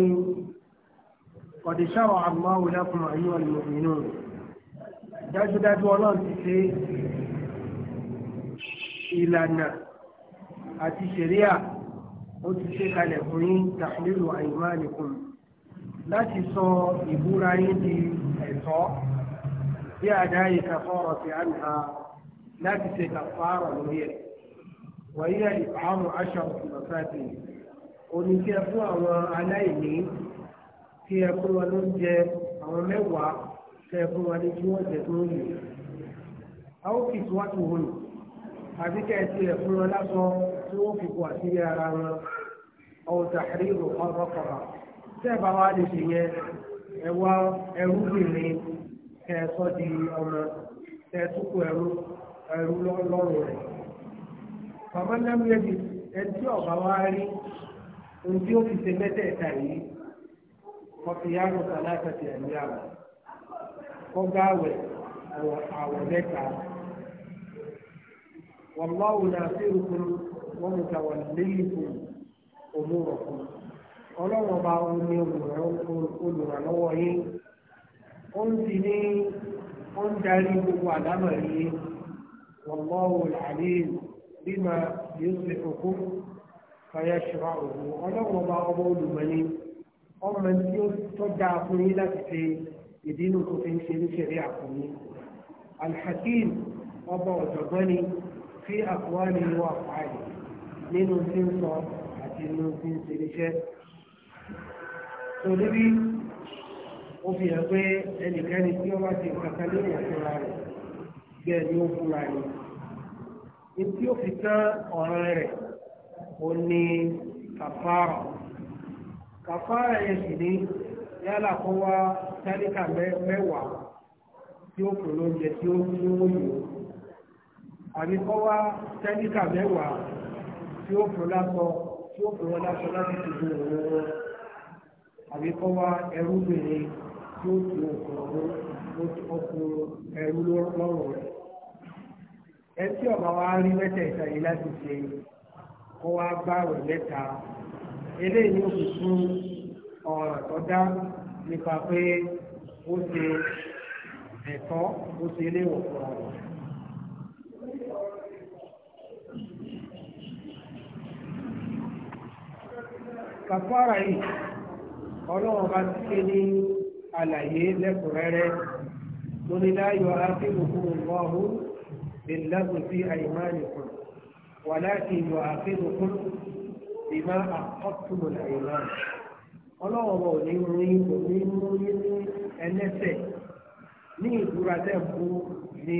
ọ̀dẹ̀ṣàwọ̀ àmọ́ lakum ayyuha al dájúdájú ọlọ́run ti ṣe ìlànà àti ṣẹ̀ríà. ó ti ṣe kalẹ̀ fún yín tàkìlélù àìmánìkùn láti sọ ìbúra yín di ẹ̀tọ́ bí àdáyé kàfọ́rọ̀ ti àǹhà láti ṣe kàfọ́rọ̀ lórí ẹ̀ wàyí ìfàmù aṣọ ìlọsáàtì òní kí ẹ fún àwọn aláìní kí ẹ fún wọn ló ń jẹ àwọn mẹ́wàá kí ẹ fún wọn ní kí wọ́n jẹ tó ń tí wọ́n fi kó àṣírí ara wọn ọ̀hún tàhírírù ọ̀rọ̀ kọ̀ọ̀rọ̀ tẹ́ẹ̀bà wa lè ṣe yẹn ẹ̀wá ẹrúbìnrin kẹsọ́ di ọmọ kẹsùkú ẹrú ẹrú lọ́rùn rẹ̀. bàbá lámúyẹ́dì ẹni tí ọ̀bá wa rí ohun tí ó fi ṣe mẹ́tẹ̀ẹ̀ta yìí kọfíyàrú sàlátàtì ẹ̀mí àwọ̀ kọ́gáwẹ̀ àwọ̀ mẹ́ta wàlláhùn náà fẹ́ràn wọ́n mú ta wà lẹ́yìn òmùrọ̀ fún ọlọ́run ọba òun ni olùrànlọ́wọ́ yín ó ń ti ní ó ń darí gbogbo àdámọ̀ yín wọ́lọ́wọ́ làálẹ́ bímọ yóò ṣe òkú fàyà ṣùgbọ́n òun ọlọ́run ọba ọba olùmọ̀ni ọmọ tí ó tọ́jà fún yín láti ṣe ìdínú tó fi ń ṣe ní ṣẹ̀rí àkùnmí alhakim ọba ọ̀jọ̀gbọ́n ni fi àkùnwá nínú tí ń sọ àti nínú tí ń ṣe níṣẹ́. tòlú bí ó fi hàn pé ẹnikẹ́ni tí ó bá ti kankan lórí àtúnra rẹ̀ bẹ́ẹ̀ ni ó fúnra rẹ̀. etí ó fi tán ọ̀ràn rẹ̀ ó ní kàfárà. kàfárà yẹn sì ní yálà kó wá tálíkà mẹ́wàá tí ó kò lóúnjẹ tí ó ń mú yòó àbí wá tálíkà mẹ́wàá tí ó fún lásọ tí ó fún wọn lásọ láti tuntun òun wọn àbí kọ́ wá ẹrú bìnrin tí ó tún òkùnrin ọkùn ẹrú lọ́rùn rẹ̀. ẹ tí ọba wa rí mẹ́tẹ̀ẹ̀ta yìí láti ṣe kọ́ wá gbààwẹ̀ mẹ́ta eléyìí ni ó fi fún ọ̀ràn tó dá nípa pé ó ṣe ẹ̀tọ́ ó ṣe ilé ìwòsàn ọ̀rọ̀. kàfàrà yìí ọlọ́run bá ti ṣe ní àlàyé lẹ́kùnrẹ́rẹ́ lórí láyọ̀ akínukùn ọ̀hún ìlẹ́gùn sí àìmánìkùn wàláàkì yọ̀ akínukùn ìmá àkọ́tùmù àìmán ọlọ́run bá ò ní mú yín kò ní mú yín ní ẹlẹ́sẹ̀ ní ìdúrà tẹ̀ ní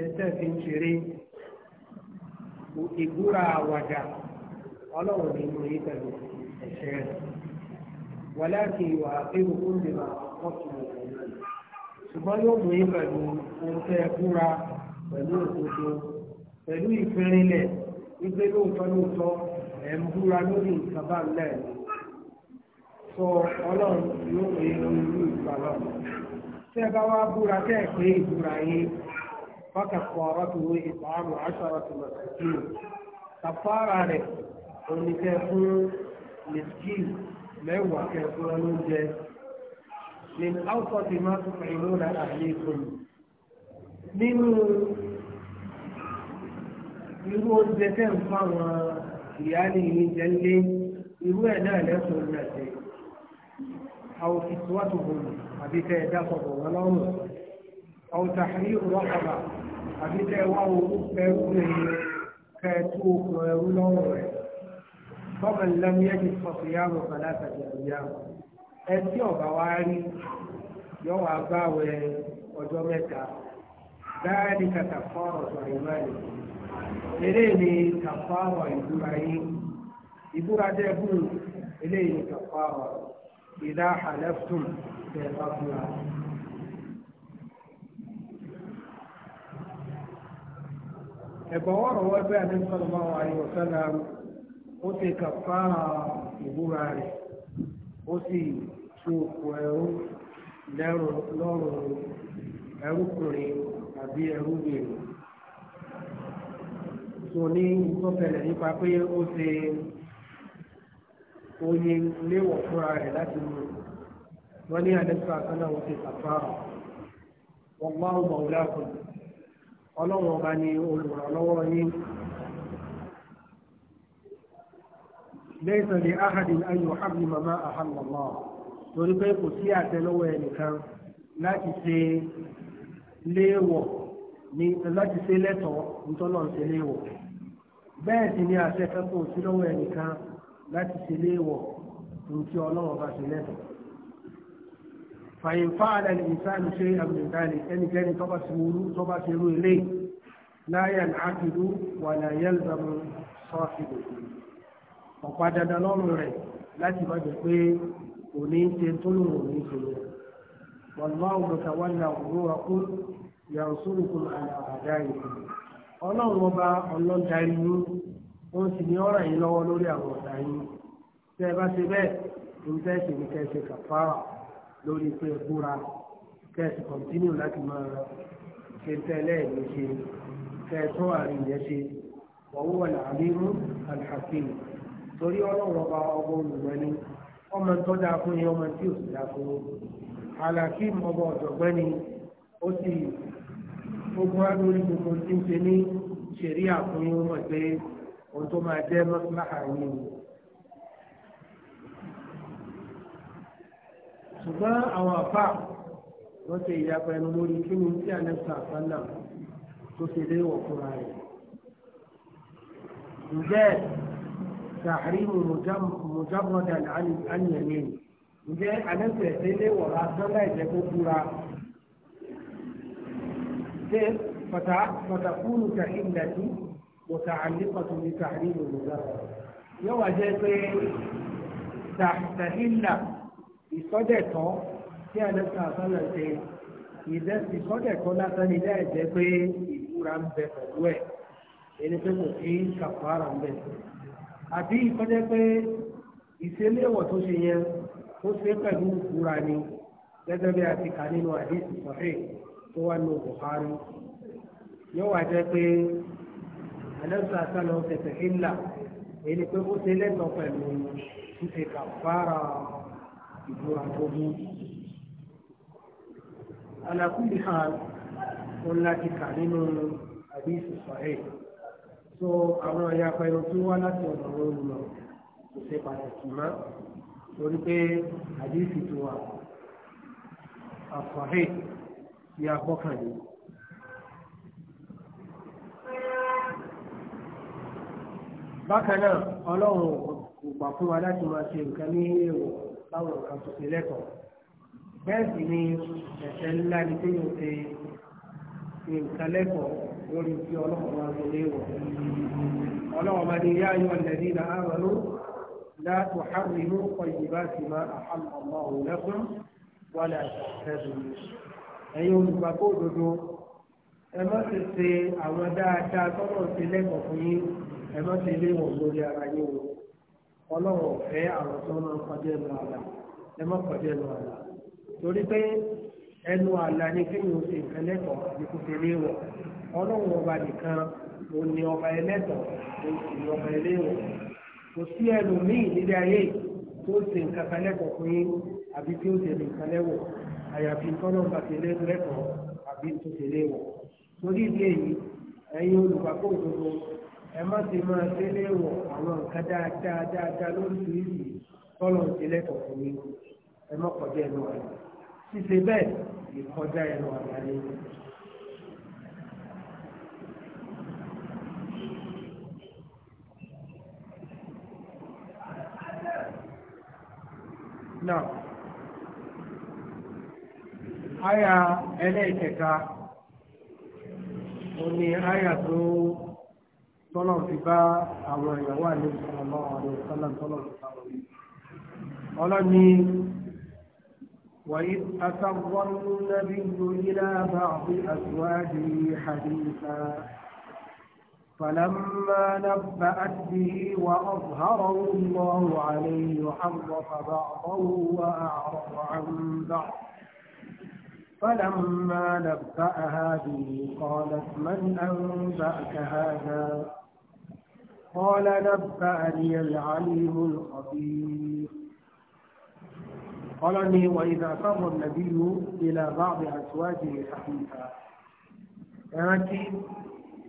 ẹsẹ̀ fi ń ṣeré ìbúra àwàdà ọlọ́run ní mú yín pẹ̀lú. الشعر ولكن يعاقبكم بما عقبتم الايمان ṣùgbọ́n yóò mú yín pẹ̀lú ohun tẹ́ ẹ kúra pẹ̀lú òdodo pẹ̀lú ìfẹ́rinlẹ̀ wípé lóòótọ́ lóòótọ́ ẹ̀ ń búra lórí nǹkan bá sọ ọlọ́run yóò irú ìgbà tẹ́ ẹ bá wá búra tẹ́ ẹ pé ìbúra yín ọ̀rọ̀ tó wé rẹ̀ fún miskin mẹ́wàá kẹfún lóúnjẹ ní áwùsọ̀tì máa tún fẹ́ ìlú rẹ̀ àyè ìkọlù nínú irú oúnjẹ tẹ́ ń fún àwọn ìyáálé yìí jẹ́ lé irú ẹ̀ náà lẹ́sùn ní ẹ̀sẹ̀ àwọn ìtúwàtò bòlù àbí tẹ́ ẹ dákọ̀ bọ̀ wọ́n lọ́rùn àwọn tàhírí rọ́kàbà àbí tẹ́ ẹ wá owó pẹ́ẹ́rú ẹ̀yẹ kẹ́ẹ̀tú okùn ẹ̀rú lọ́rùn rẹ̀ fọ́mọ̀ lẹ́mú yẹ́n ti fọ́sọ̀ yàwó fàlàtà ìyàwó ẹ tí ọ̀bà wa rí yọ wà gbàwẹ̀ ọjọ́ mẹ́ta dáàdì kàtà fọ́ọ̀rọ̀ sọ̀rọ̀ ìmáyé eré ni kàfáàrọ̀ ìbúra yín ìbúra dẹ́kun eléyìí ni kàfáàrọ̀ ìdá àlẹ́fùtùm tẹ̀ bá búra. ẹ̀bọ̀wọ́rọ̀ wọ́n bẹ́ẹ̀ ní sọ́dọ̀ máa wà ní ọ̀sán náà. ó ti kàfàrà ìbúra rẹ̀ ó sì tú òkú ẹrú lọ́rùn ẹrúkùnrin àbí ẹrúbìnrin tó ní ìtọ́fẹ̀lẹ̀ nípa pé ó oye léwọ̀ fúnra rẹ̀ láti mú wọ́n ní àdẹ́sọ́ àkànnà wọ́n ti kàfàrà wọ́n gbọ́ ọmọ òun láàbùn ọlọ́run ọba ni olùrànlọ́wọ́ yín. ليس لأحد أن يحرم ما أحل الله torí pé kò sí àtẹ́lẹwọ́ ẹnìkan láti ṣe léèwọ̀ ní láti ṣe lẹ́tọ̀ọ́ ntọ́nà ṣe léèwọ̀ bẹ́ẹ̀ sì ni àṣẹ kan kò sí lọ́wọ́ ẹnìkan láti ṣe léèwọ̀ ntí ọlọ́wọ́ bá ṣe lẹ́tọ̀ọ́. fàyìnfà àdàlẹ̀ ìsáàlù ṣe àmìlẹ̀dàlẹ̀ ẹnikẹ́ni tó ṣe wúrú tó ṣe rú ilé láyà ní àkìdú lọ́mú sọ́ọ̀kì lòdì ọ̀pá dandan lọ́rùn rẹ̀ láti má jẹ́ pé òní ń ṣe tó lòun òní ṣe lọ. wàlúwàhùn mọ̀tà wà ní àwòrán wa kú yàrá sórùkùn àdá ìlú. ọlọ́run ọba ọlọ́darí yín ó sì ní ọ̀ràn yín lọ́wọ́ lórí àwọn ọ̀tá yín. tẹ́ ẹ bá ṣe bẹ́ẹ̀ ní tẹ́sí ní kẹ́sì kàfárà lórí pé búra kẹ́sì kọ̀ntínú láti máa ṣe tẹ́lẹ̀ ní ṣe kẹ́ẹ̀tọ́ àríyẹ́ ṣe wọ́wọ́ làálímù alhakim torí ọlọ́run ọba ọba olùgbẹ́ni ọmọ tó dáa fún yín ọmọ tí ò sì dáa fún yín alakim ọba ọ̀jọ̀gbẹ́ni ó sì gbogbo lórí gbogbo tí ń ṣe ní ṣẹ̀rí àfún yín wọ́n pé ohun tó máa jẹ́ mọ́síláhà yín o. ṣùgbọ́n àwọn àfà wọ́n ṣe ìyapa ẹnu lórí kí ni tí àlẹ́sà àfáàlà tó ṣe léwọ̀ fúnra rẹ̀. ǹjẹ́ tàhírìmù mùjábọ̀dà àníyànmí ǹjẹ́ àlẹ́sẹ̀ tẹ́lẹ̀ wọ̀ra sọ́lá ìjẹ́ kó búra ṣe pàtàkùnù tàhílàtì wọ̀tà àlékọ̀tù ní tàhírìmù mùjábọ̀dà yóò wá jẹ́ pé tàhílà ìsọdẹ̀tọ̀ tí àlẹ́sẹ̀ àsọ̀lẹ̀ ṣe ìdẹ́ ìsọdẹ̀tọ̀ lásán ní ilé ẹ̀jẹ̀ pé ìbúra ń bẹ pẹ̀lú ẹ̀ ẹni pé kò sí kàfàrà ń bẹ pẹ̀lú àbí ìkọ́jẹ́ pé ìṣeléwọ̀ tó ṣe yẹn tó ṣe pẹ̀lú ìfura ni gẹ́gẹ́ bí a ti kà nínú àdéhùn sọ̀hìn tó wà nínú buhari yóò wá jẹ́ pé alẹ́sọ̀ àtàlọ́ tẹ̀tẹ̀ ìlà èyí pé ó ṣe lẹ́tọ̀ pẹ̀lú ṣíṣe kàfàrà ìfura tó mú. alákùnrin hàn ó láti kà nínú àdéhùn sọ̀hìn so àwọn ẹ̀yà apẹ̀rẹ̀ tó wá láti ọ̀dọ̀ àwọn olùmọ̀ kò ṣe pàtàkì mọ́ torí pé àdéhùn tó wà àfọ̀hẹ́ ti agbọ́kànlé. bákan náà ọlọ́run kò gbà fún wa láti máa ṣe nǹkan ní èèwọ̀ láwọn nǹkan tó ṣe lẹ́kọ̀ọ́ bẹ́ẹ̀ sì ni ẹ̀ṣẹ̀ ńlá ni pé yóò ṣe nǹkan lẹ́kọ̀ọ́ lórí tí ọlọ́run máa fi léwọ̀ ọlọ́run máa ní yáyọ ẹ̀lẹ́dí na àrùn láti hàrìmú ọ̀yìn bá ti máa àhàmọ́ ọ̀hún lẹ́kùn wálé àtẹ̀sẹ̀dùn ẹ̀yin olùgbàgbọ́ òdodo ẹ má ti ṣe àwọn dáadáa tọ́lọ̀ ti lẹ́kọ̀ọ́ fún yín ẹ má ti léwọ̀ lórí ara yín o ọlọ́run ọ̀fẹ́ àwọn tó máa ń kọjá ẹnu àlà ẹ má kọjá ẹnu àlà torí pé ẹnu àlà ni kéèyàn ó ṣe nǹkan lẹ́tọ̀ọ́ àbí kó ṣe léèwọ̀ ọlọ́run ọba nìkan ò ní ọba ẹlẹ́tọ̀ọ́ kò sì ní ọba ẹlẹ́wọ̀ kò sí ẹlòmíì nílé ayé tó ṣe nǹkan kan lẹ́tọ̀ọ́ fún yín àbí tí ó ṣe nǹkan lẹ́wọ̀ àyàfi tọ́lọ́ bá ṣe lẹ́tọ̀ọ́ àbí tó ṣe léèwọ̀ torí ìdí èyí ẹ̀yin olùgbàgbọ́ òdodo ẹ má ti máa délé wọ̀ àwọn nǹkan dáadáa dáadáa lóríṣiríṣi tọ́lọ̀ ń ṣe lẹ́tọ̀ọ́ fún yín ẹ má kọjá ẹnu àná. ṣíṣe bẹ́ẹ̀ ìkọjá ẹnu àlàyé. náà aya ẹlẹ́ẹ̀kẹta ó ní àyà tó tọ́lọ̀ fi bá àwọn ìyàwó àlejò ọlọ́run àlejò tọ́lọ̀ tọ́lọ̀ tọ́lọ̀ وإذ أسر النبي إلى بعض أزواجه حديثا فلما نبأت به وأظهره الله عليه حرف بعضه وأعرض عن بعض فلما نبأها به قالت من أنبأك هذا قال نبأني العليم الخبير ọlọ́ni wọ ìdá sábọ̀ nàbí lu ìlà báàbí àtúwájì àfihàn ẹrántí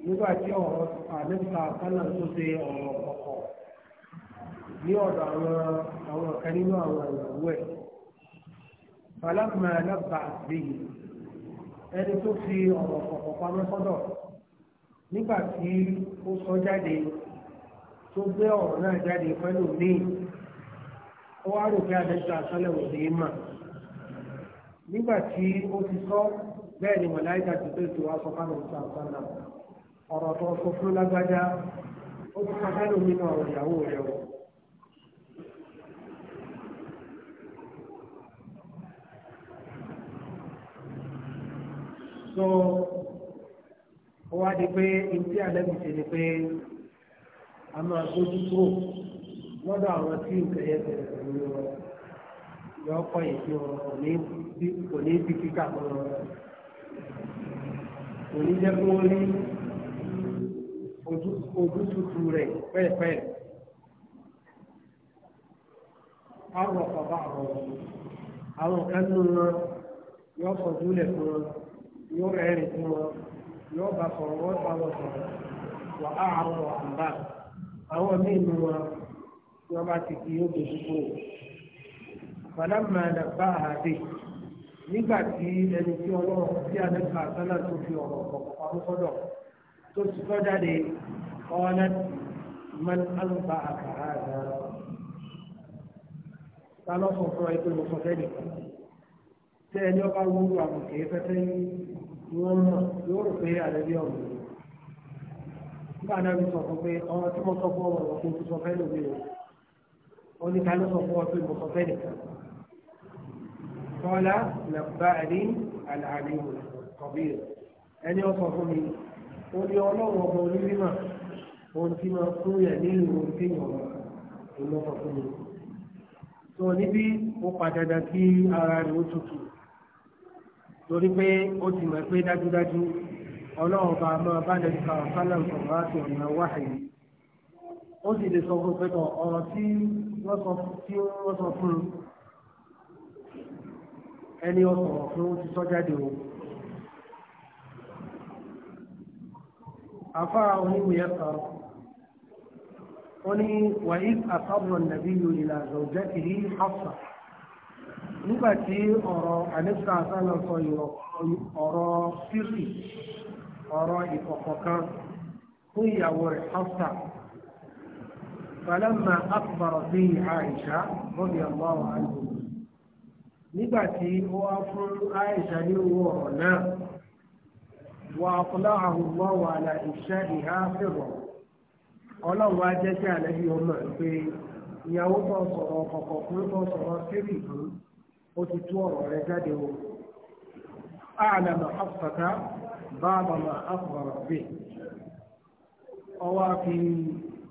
nígbà tí ọ̀rọ̀ àdébùkà sálà tó ṣe ọ̀rọ̀ ọ̀kọ̀ ní ọ̀dọ̀ àwọn àwọn kan nínú àwọn ìyàwó ẹ̀ falamma nabba bihi ẹni tó fi ọ̀rọ̀ ọ̀kọ̀ pamọ́ sọ́dọ̀ nígbà tí ó sọ jáde tó gbé ọ̀rọ̀ náà jáde pẹ̀lú míì ó wá rò pé àdẹ́sà sálẹ̀wò ní mà nígbà tí ó ti sọ bẹ́ẹ̀ ni mọ̀láìkà ti tó ètò asọ́kànnà ìta àtàlà ọ̀rọ̀ tó sọ fún lágbájá ó ti pàṣẹ lómi náà ọ̀rọ̀ ìyàwó rẹ̀ wọ̀. so ó wá di pé ntí àlẹ́ mi ṣe ni pé a máa gbójú kúrò. lọ́dọ̀ àwọn tí bẹ̀rẹ̀ pẹ̀lú wọn yọ yìí wọn kò ní bí kíkà wọn kò ní jẹ́ rí ojú tuntun rẹ̀ pẹ́ẹ́pẹ́ẹ́ àwọn ọ̀pọ̀ àwọn àwọn kan nù wọn fún wọn fún wọn bá sọ̀rọ̀ wọ́n bá sọ̀rọ̀ wà á àwọn àǹbá àwọn míì nù wọn. tí wọ́n bá ti fi yóò dojú kó o. Fàlámà nàbà àdé nígbà tí ẹni tí ọlọ́run tí a nípa àtàlà tó fi ọ̀rọ̀ ọ̀pọ̀ sọ́dọ̀ tó ti sọ jáde ọ̀nà man alùpà àkàrà àgbà. Ta lọ sọ fún ẹ pé mo sọ fẹ́ nìkan. Tẹ́ ẹni ọba wúru àbùkè fẹ́fẹ́ ni wọ́n mọ̀ yóò rò pé àdébí ọ̀gbìn. Nígbà náà mi sọ fún pé ọmọ tí mo sọ fún ọmọ oníkálù sọ fún ọ pé mo sọ fẹ́ nìkan. kọ́lá nàbà àdé àlàáfíà kọ̀bí rẹ̀ ẹni ọ̀sọ̀ fún mi ó ní ọlọ́run ọmọ onímọ̀ ohun tí máa fún yẹn nínú ohun tí yàn wọ́n ìlú ọ̀sọ̀ fún mi. sọ níbí ó padàdà kí ara rẹ̀ ó tutù torí pé ó ti mọ̀ pé dájúdájú ọlọ́run bá máa bá lẹ́nu kàwọ́ sálẹ̀ ọ̀sán láti ọ̀nà wáhàyè ó sì lè sọ fún pẹ́tọ̀ ọ̀rọ̀ tí wọ́n sọ fún un ẹni ọ̀sọ̀rọ̀ fún un ti sọ jáde o. afa oníwèé ẹ̀ka ó ní wàhíd àtàbọ̀ nàbí yóò ìlà àzọ̀jẹ́ kìí hafsa nígbà ọ̀rọ̀ àlẹ́sà sálọ sọ ọ̀rọ̀ fífi ọ̀rọ̀ ìkọ̀kọ̀ kan fún ìyàwó rẹ̀ hafsa. فلما أخبر به عائشة رضي الله عنه nígbà tí ó wá fún àìsà ní owó ọ̀rọ̀ náà wà ọ̀pọ̀lọ́ àwùmọ́ wà là ìṣẹ́ ìhá fèrò ọlọ́run wá jẹ́ sí àlẹ́bí ọmọ pé ìyàwó tó sọ̀rọ̀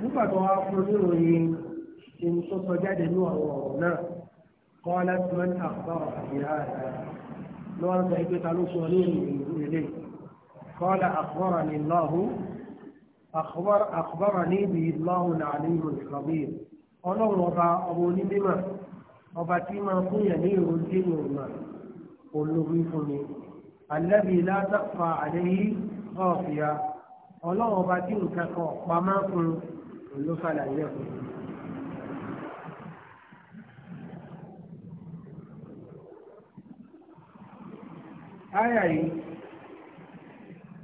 nígbà tó wá fún oníròyìn ìṣẹ̀lẹ̀ tó sọ jáde ní àwọn ọ̀rọ̀ náà kọ́lá tí wọ́n ń àkọ́rọ̀ àbíyá rẹ̀ lọ́wọ́ sọ pé ta ló sọ ní ìlú ilé kọ́lá àkọ́rọ̀ ní lọ́hù àkọ́rọ̀ ní ibi lọ́hù làálẹ́ ìlú ìkọ̀bí ọlọ́run ọba ọmọ onídìmọ̀ ọba tí máa fún yẹn ní ìròyìn tí mo mọ̀ olórí fún mi alẹ́bí látàkùn àlẹ́ yìí ọlọ́run ọba tí nǹkan kan pamọ́ fún un ló ṣàlàyé ẹ̀kọ́. Áyà yìí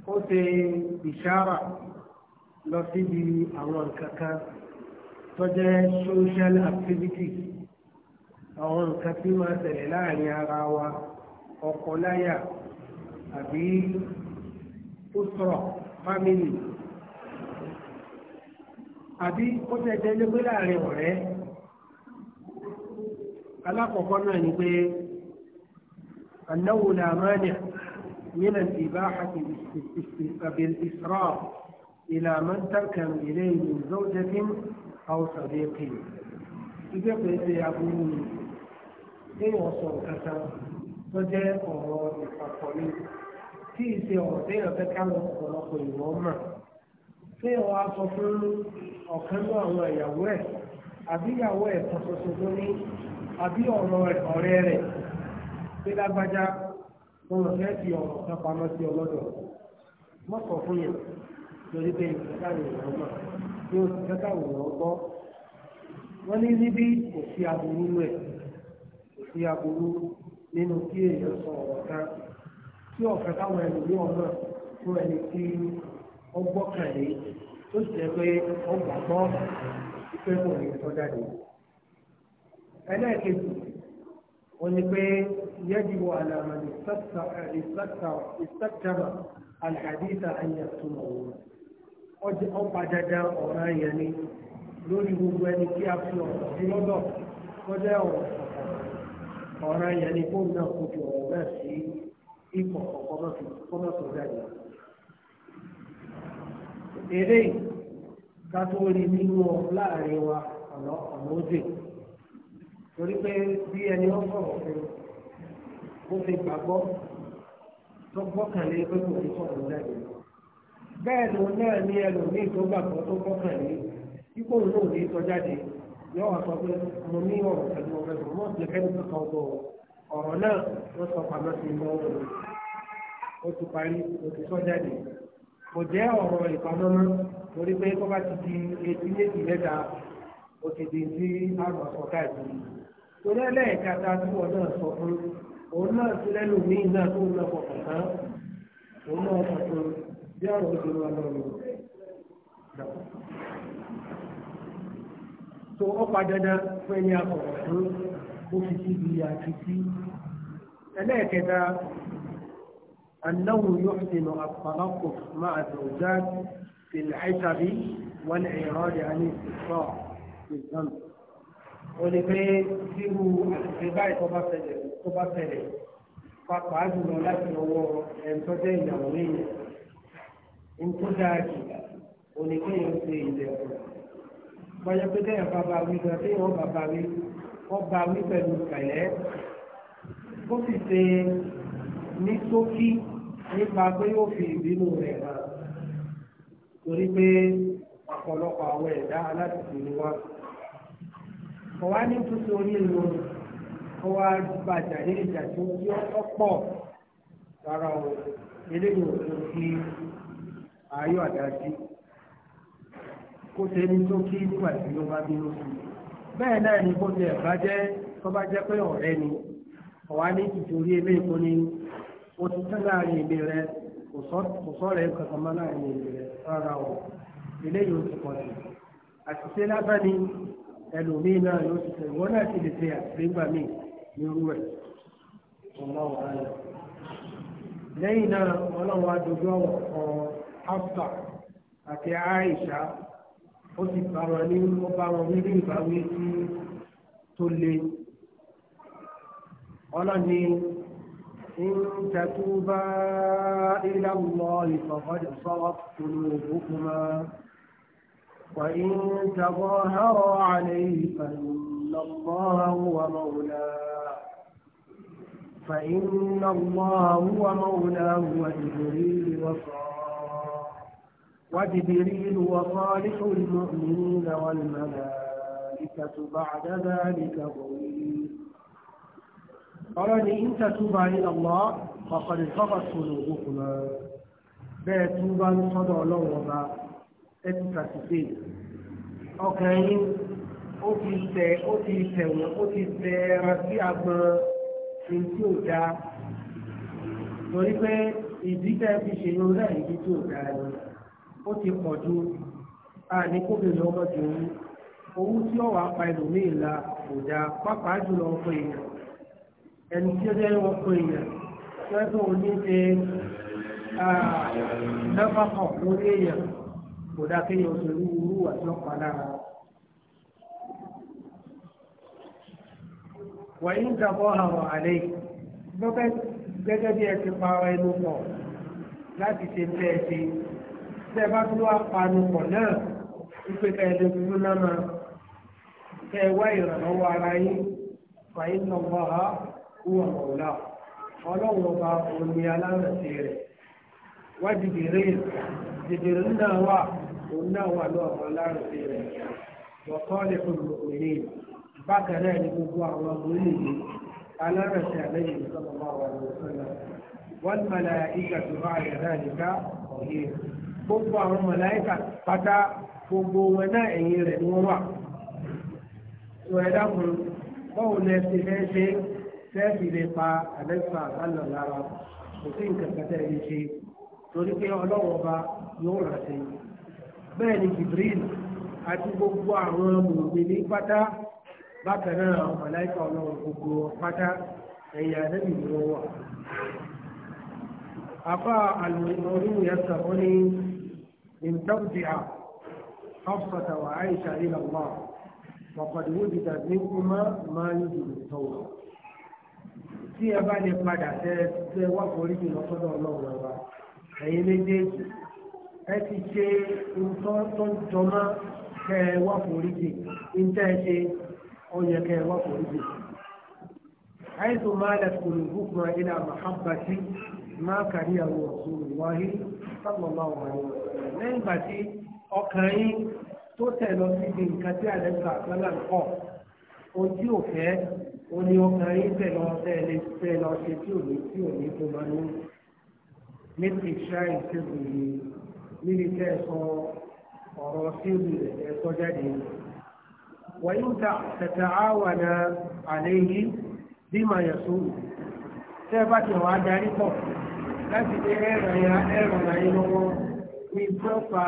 ó ṣe ìṣára lọ síbi àwọn nǹkan tó jẹ́ social activity àwọn nǹkan tí máa tẹ̀lé láàrin ara wa ọkọ láyà àbí ó sọ̀rọ̀ family àbí ó tẹ̀ tẹ́lẹ̀ pé láàrin ọ̀rẹ́ alákọ̀ọ́kọ́ náà ni pé anáwó la máa nì mílẹ̀ ìbá àti ìsàbẹ̀lẹ̀ ìsra ìlà máa ń tàkàn ilé ìlú zọ́jẹ́kín àwòsàn bí kì í. ibẹ̀ pé ṣe aburú ni kéèyàn sọ nǹkan tó jẹ́ ọ̀rọ̀ ìpàkọ́ ní tí ì ṣe ọ̀rọ̀ téèyàn fẹ́ káwọn ọ̀pọ̀lọpọ̀ ìwọ̀n mọ̀. téèyàn wá sọ fún ọ̀kan náà àwọn ìyàwó ẹ̀ àbí ìyàwó ẹ̀ tó ní àbí ọ̀rẹ́ rẹ̀ pé lágbájá mo rò fẹ́ fi ọ̀rọ̀ kan pamọ́ sí ọlọ́dọ̀ mọ́ fún yẹn lórí pé sọ ọ̀rọ̀ kan ọgbọ́kàn rẹ̀ tó sì jẹ́ pé ọgbà gbọ́ pé kò ní tọ́ jáde. ẹlẹ́ẹ̀kejì ó ní pé yẹ́dìwò àlàmà ìsàkàmà àlàdíta ẹ̀yà tó mọ̀ wọ́n. ọba dandan ọ̀ràn yẹn ni lórí gbogbo ẹni tí a fi ọ̀rọ̀ sí lọ́dọ̀ kọjá ọ̀rọ̀ ọ̀ràn yẹn ni fóònù náà kojú ọ̀rọ̀ náà sí ikọ̀ ọ̀kọ́ jáde eléyìí ká tó rí nínú ọ láàrin wa ọ̀nà ọ̀nà òde torí pé bí ẹni wọ́n sọ̀rọ̀ fún un ó fi gbàgbọ́ tó gbọ́kànlé pé kò ní sọ̀rọ̀ lẹ́yìn bẹ́ẹ̀ ló náà ní ẹlòmíì tó gbàgbọ́ tó gbọ́kànlé kíkó òun náà ní sọ jáde yọ wà sọ pé mo ní ọ̀rọ̀ pẹ̀lú ọ̀rẹ́ mi wọ́n ti fẹ́ẹ́ sọ ọ̀gbọ̀ ọ̀rọ̀ náà wọ́n sọ pàmò sí i lọ́wọ́ ó ti parí ó ti sọ kò jẹ́ ọ̀rọ̀ ìpamọ́mọ́ torí pé tó bá ti di etí méjì mẹ́ta ó ti di sí àrùn ọ̀sọ̀ká ìlú. torí ẹlẹ́ẹ̀kata tí wọn náà sọ fún òun náà sí lẹ́nu míì náà tó ń lọ fọkàn tán òun náà sọ fún bí ọ̀rọ̀ òjò wa lọ rò. tó ó pa dandan fún ẹni akọ̀rọ̀ fún ó fi síbi àti sí ẹlẹ́ẹ̀kẹta أنه يحسن التلطف مع الزوجات في العتب والإعراض عن الاستقصاء في الذنب ولكي يجيبوا الخباء تبصر pàápàá jùlọ láti ọwọ́ ẹ̀ńtọ́jẹ́ ìyàwó èèyàn ntúndàájì oníkéèyàn ṣe ìlẹ̀kùn bọ́yá pé téèyàn bá bá wí gan téèyàn bá bá wí wọ́n bá wí pẹ̀lú pẹ̀lẹ́ ó sì ṣe ní ṣókí nípa pé yóò fi ìbínú rẹ̀ hàn torí pé ọ̀pọ̀lọpọ̀ àwọn ẹ̀dá aláṣẹ̀ṣẹ̀ ni wá ọ̀wá ní tuntun orí ìlú kó wá ní ìjà tí wọ́n yọ ọ́pọ̀ rárá o eléyìí tó kí ayọ̀ àdájí kó ṣe tó kí nígbà tí ó bá bínú sí i. bẹ́ẹ̀ náà ni bó o ti tẹ́ láàrin ìlé rẹ kò sọ̀rọ̀ kankan mọ́ láàrin ìlé rẹ rárá o eléyìí o ti pọ̀ jù àṣìṣe lábẹ́ ni ẹlòmíì náà yóò ti tẹ̀ ìwọ náà ti lè ṣe àṣìṣe gbà mí ní irú ẹ̀ ọmọ wa rẹ náà ọlọ́run adójú ọ̀wọ̀ kan àti aisha ó ti bá ní ó wọn wí ní ìbáwí tó le ọlọ́ni. إن تتوبا إلى الله فقد صرت قلوبكما وإن تظاهرا عليه فإن الله هو مولاه فإن الله هو مولاه وجبريل وصالح وجبريل وصالح المؤمنين والملائكة بعد ذلك ظهير ọlọ́ni in tatuba ila الله faqad sagat qulubukuma bẹ́ẹ̀ tí wọ́n bá ń sọ́dọ̀ ọlọ́run ọba ẹ ti tàtìpé ọkàn yín ó ti tẹ ó ti tẹ̀wọ̀n ó ti tẹ ẹran sí agbọn ẹni tí ò dáa torí pé ìdí tẹ́ fi ṣe ló rẹ̀ ìdí tí ò dáa ni ó ti pọ̀ ju àní kóbìnrin ọmọdé òun owó tí ó wàá pa ẹlòmíì la kò dáa pápá jùlọ ọkọ èèyàn ẹni tí ó jẹ́ ọkọ̀ èèyàn tí wọ́n tó ní ṣe lọ́fàkọ̀ lórí èèyàn kò dá kéèyàn òṣèlú irú àti lára. wàyí ń dàbọ̀ àwọn àlẹ́ lọ́pẹ́ gẹ́gẹ́ bí ẹ ti para ẹnu pọ̀ láti ṣe tẹ́ ẹ ṣe tẹ́ ẹ bá tún wá pọ̀ náà wípé ká ẹ lè dúró náà máa kẹ́ ẹ wá ìrànlọ́wọ́ ara yín wàyí ń lọ́wọ́ ha. wúwà ọ̀la ọlọ́run ọba omi alárẹ̀sí rẹ̀ wá dìbìrì dìbìrì náà wà òun náà wà lọ́wọ́ alárẹ̀sí rẹ̀ wọ́kọ́lẹ̀ olùmọ̀mìnì bákan náà gbogbo àwọn àlẹ́yìn máa wà wọ́n mọ̀lá ìgbà tó bá ọ̀yẹ́ gbogbo àwọn pátá gbogbo wọn náà ẹ̀yìn rẹ̀ ni wọ́n wà. tẹ́ẹ̀fì lè pa àlẹ́sà àlọ́ lára kò sí nǹkan kan tẹ́ẹ̀ lè ṣe torí pé ọlọ́wọ́ ọba yóò rà sí i bẹ́ẹ̀ ni jibril àti gbogbo àwọn mòmí ní pátá bákan náà àwọn mọ̀láìkà gbogbo pátá ẹ̀yà lẹ́yìn ló wà. afa alùmọ̀ọ́dún yẹn sọ̀rọ̀ ní ìtọ́jìá حفصة وعائشة إلى الله وقد وجد منكما ما يجب التوبة tí ẹ bá lè padà tẹ tẹ wá forí jù lọ́sọ́dọ̀ ọlọ́run wa ẹ̀yin méjèèjì ẹ ti ṣe nǹkan tó ń jọmọ́ kẹ ẹ wá forí ẹ ṣe ọyẹ kẹ ẹ wá forí tó tẹ̀ lọ síbi nǹkan tí àlẹ́ gbà ń kọ́ ojú òfẹ́ oní ọkùnrin fẹ́ lọ tẹ́lẹ̀ fẹ́ lọ ṣe tí òní tí òní tó bá ní méjì ṣáì ṣègùn yìí níbi tẹ́ ẹ sọ ọ̀rọ̀ ṣègùn rẹ̀ ẹ sọ jáde. wàyí tẹ̀tẹ̀ àwà náà àlẹ́ yìí bí màá yẹ sóòrò tẹ́ ẹ bá ti wà á darí pọ̀ láti dé ẹ̀rọ ya ẹ̀rọ láyé lọ́wọ́ ní ìjọba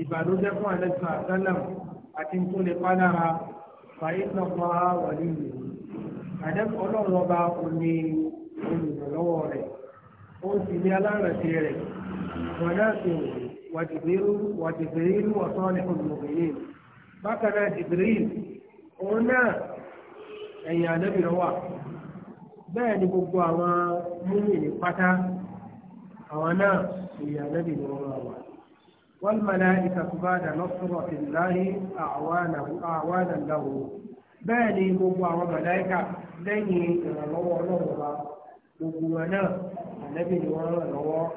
ìbànújẹ́ fún àlẹ́ fún àtàlàmù àti tó lè pa lára fàyínà pa wà nílùú àdẹ́kọ̀ ọlọ́run ọba òní olùrànlọ́wọ́ rẹ̀ ó sì ní alárànṣe rẹ̀ wọn náà sì wà jìbìrìlù ọ̀sán ní olùmọ̀bìnrin bákan náà jìbìrìlù òun náà ẹ̀yìn àdẹ́bì lọ́wọ́ bẹ́ẹ̀ ni gbogbo àwọn múmi ní pátá àwọn náà ìyá àdẹ́bì wà. والملائكة بعد نصرة الله أعوانه أعوانا له بني مبا وملائكة لني لو لو مبوانا النبي نوانا لو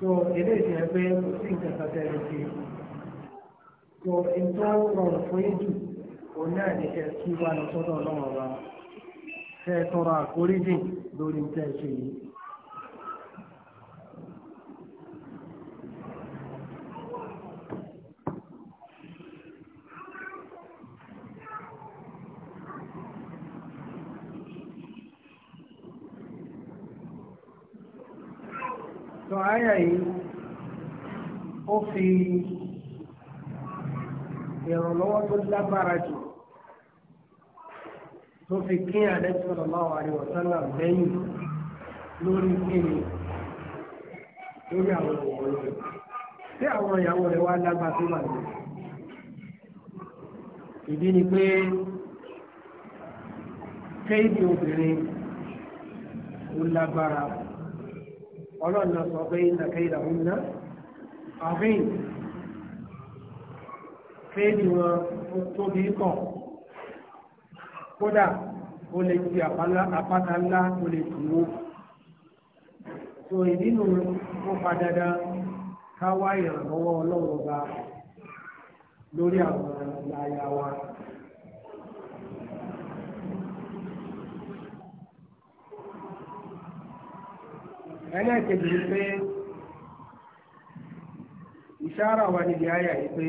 so eléyìí ẹ pé kò sí nǹkan kan tẹ ẹ ṣe so nǹkan rọrùn fún yín jù òun náà ní kẹ kí wà lọ sọdọ ọlọrun ọba kẹ tọrọ àforíjì lórí nǹkan ẹ ṣe yìí. ṣe ìrànlọ́wọ́ tó lágbára jù tó fi kí àdẹ́sọ̀rọ̀ máa wà ní ọ̀sánà lẹ́yìn lórí kíni lórí àwọn ìwọ̀n rẹ̀ tí àwọn ìyàwó rẹ̀ wá lágbá tó wà ní. ìdí ni pé kéèdì obìnrin ó lágbára ọlọ́run náà sọ pé ìnàkéèdà ń ná àbíyìn péèjì wọn ó tóbi kọ̀ kódà ó lè ti àpáta ńlá ó lè tù wó tó ìdínú ó pa dandan ká wá ìrànlọ́wọ́ ọlọ́run ọba lórí àwọn láyà wa. ẹlẹ́ẹ̀kejì ni pé ìṣára wa níbi àyà yìí pé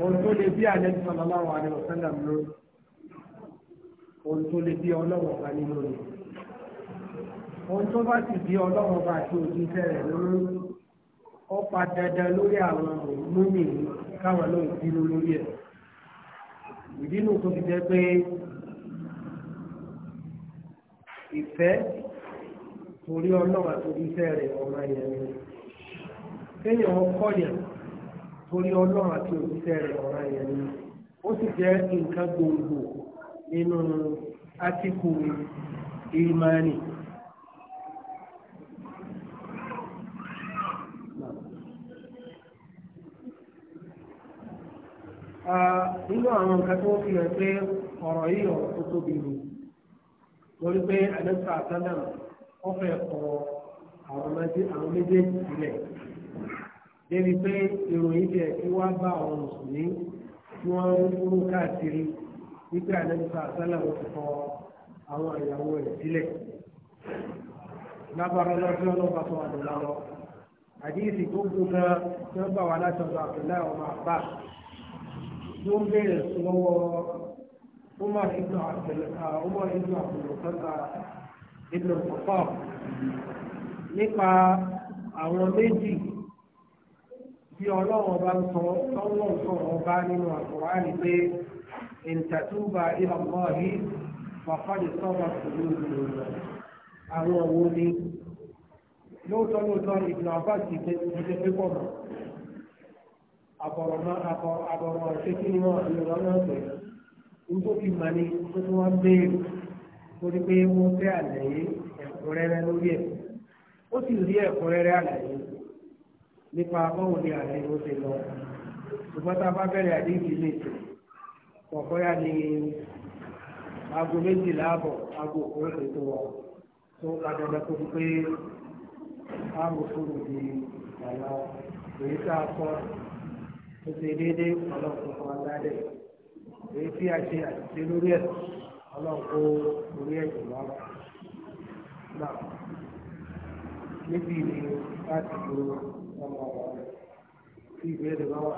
ohun tó lè bí àlẹ́bí sọlọ́láwọ̀ àlẹ́wọ̀ sẹ́lẹ̀ lórí ohun tó lè bí ọlọ́wọ̀ bá ní lórí ohun tó bá sì bí ọlọ́wọ̀ bá àti òjíṣẹ́ rẹ̀ lórí ó pa dandan lórí àwọn múmi káwọn lóò bínú lórí ẹ̀ ìdínú tó fi jẹ́ pé ìfẹ́ torí ọlọ́wọ̀ àti òjíṣẹ́ rẹ̀ ọmọ yẹn ni kéèyàn ọkọ yẹn torí ọlọ́run àti òṣìṣẹ́ rẹ̀ ọ̀ràn yẹn ni ó sì jẹ́ nǹkan gbòǹgbò nínú átíkù ìmánì. nínú àwọn nǹkan tó fi hàn pé ọ̀rọ̀ yìí ọ̀rọ̀ tó tóbi ni lórí pé àdéhùn àtàlẹ́ ọ̀fẹ́ kọ àwọn méjèèjì sílẹ̀. débi pé ìròyìn jẹ kí wọ́n bá àwọn mùsùlùmí tí wọ́n ń kúrò káàkiri wípé àdébùsà àsálà wọn ti fọ àwọn ìyàwó rẹ̀ sílẹ̀. lábàárọ̀ lọ́jọ́ ọlọ́ba tó wà lọ́la lọ. àdéhìsì gbogbo gan tí wọ́n bá wà láti ọ̀dọ̀ àbẹ̀lá ọmọ àbá tí ó ń bèèrè lọ́wọ́ umar ibn tí ọlọ́run bá ń sọ lọ́wọ́ sọ̀rọ̀ bá nínú àkùránì pé ìtàtúbà ìlọ́mọ́ yìí fàfàdé sọ́wọ́ pẹ̀lú ìlú rẹ̀ àwọn òwò ni lóòótọ́ lóòótọ́ ìgbìmọ̀ àbá ti ṣe pé pọ̀ mọ́ àbọ̀rọ̀ máa àbọ̀ àbọ̀rọ̀ ṣé kí ni wọ́n àbí ọ̀rọ̀ náà pẹ̀ nítorí mà ní tó tí wọ́n béèrè torí pé wọ́n fẹ́ àlàyé ẹ̀kúnrẹ́rẹ́ lórí ẹ̀ ó sì rí ẹ̀kúnrẹ́rẹ́ àlàyé. nípa báwo ni àlẹ́ ló ṣe lọ ṣùgbọ́n tá a bá bẹ̀rẹ̀ àdéhùn ilé ètò kọ̀ọ̀kọ́yà ni aago méjìlá àbọ̀ aago òkúrò tó wọ̀ tó padà kó pé aago fúru di àlọ́ èyí tá a kọ́ tó ṣe déédéé ọlọ́run kan aládẹ́ èyí tí a ṣe àṣìṣe lórí ẹ̀ orí wá tí ìbéèrè bá wà.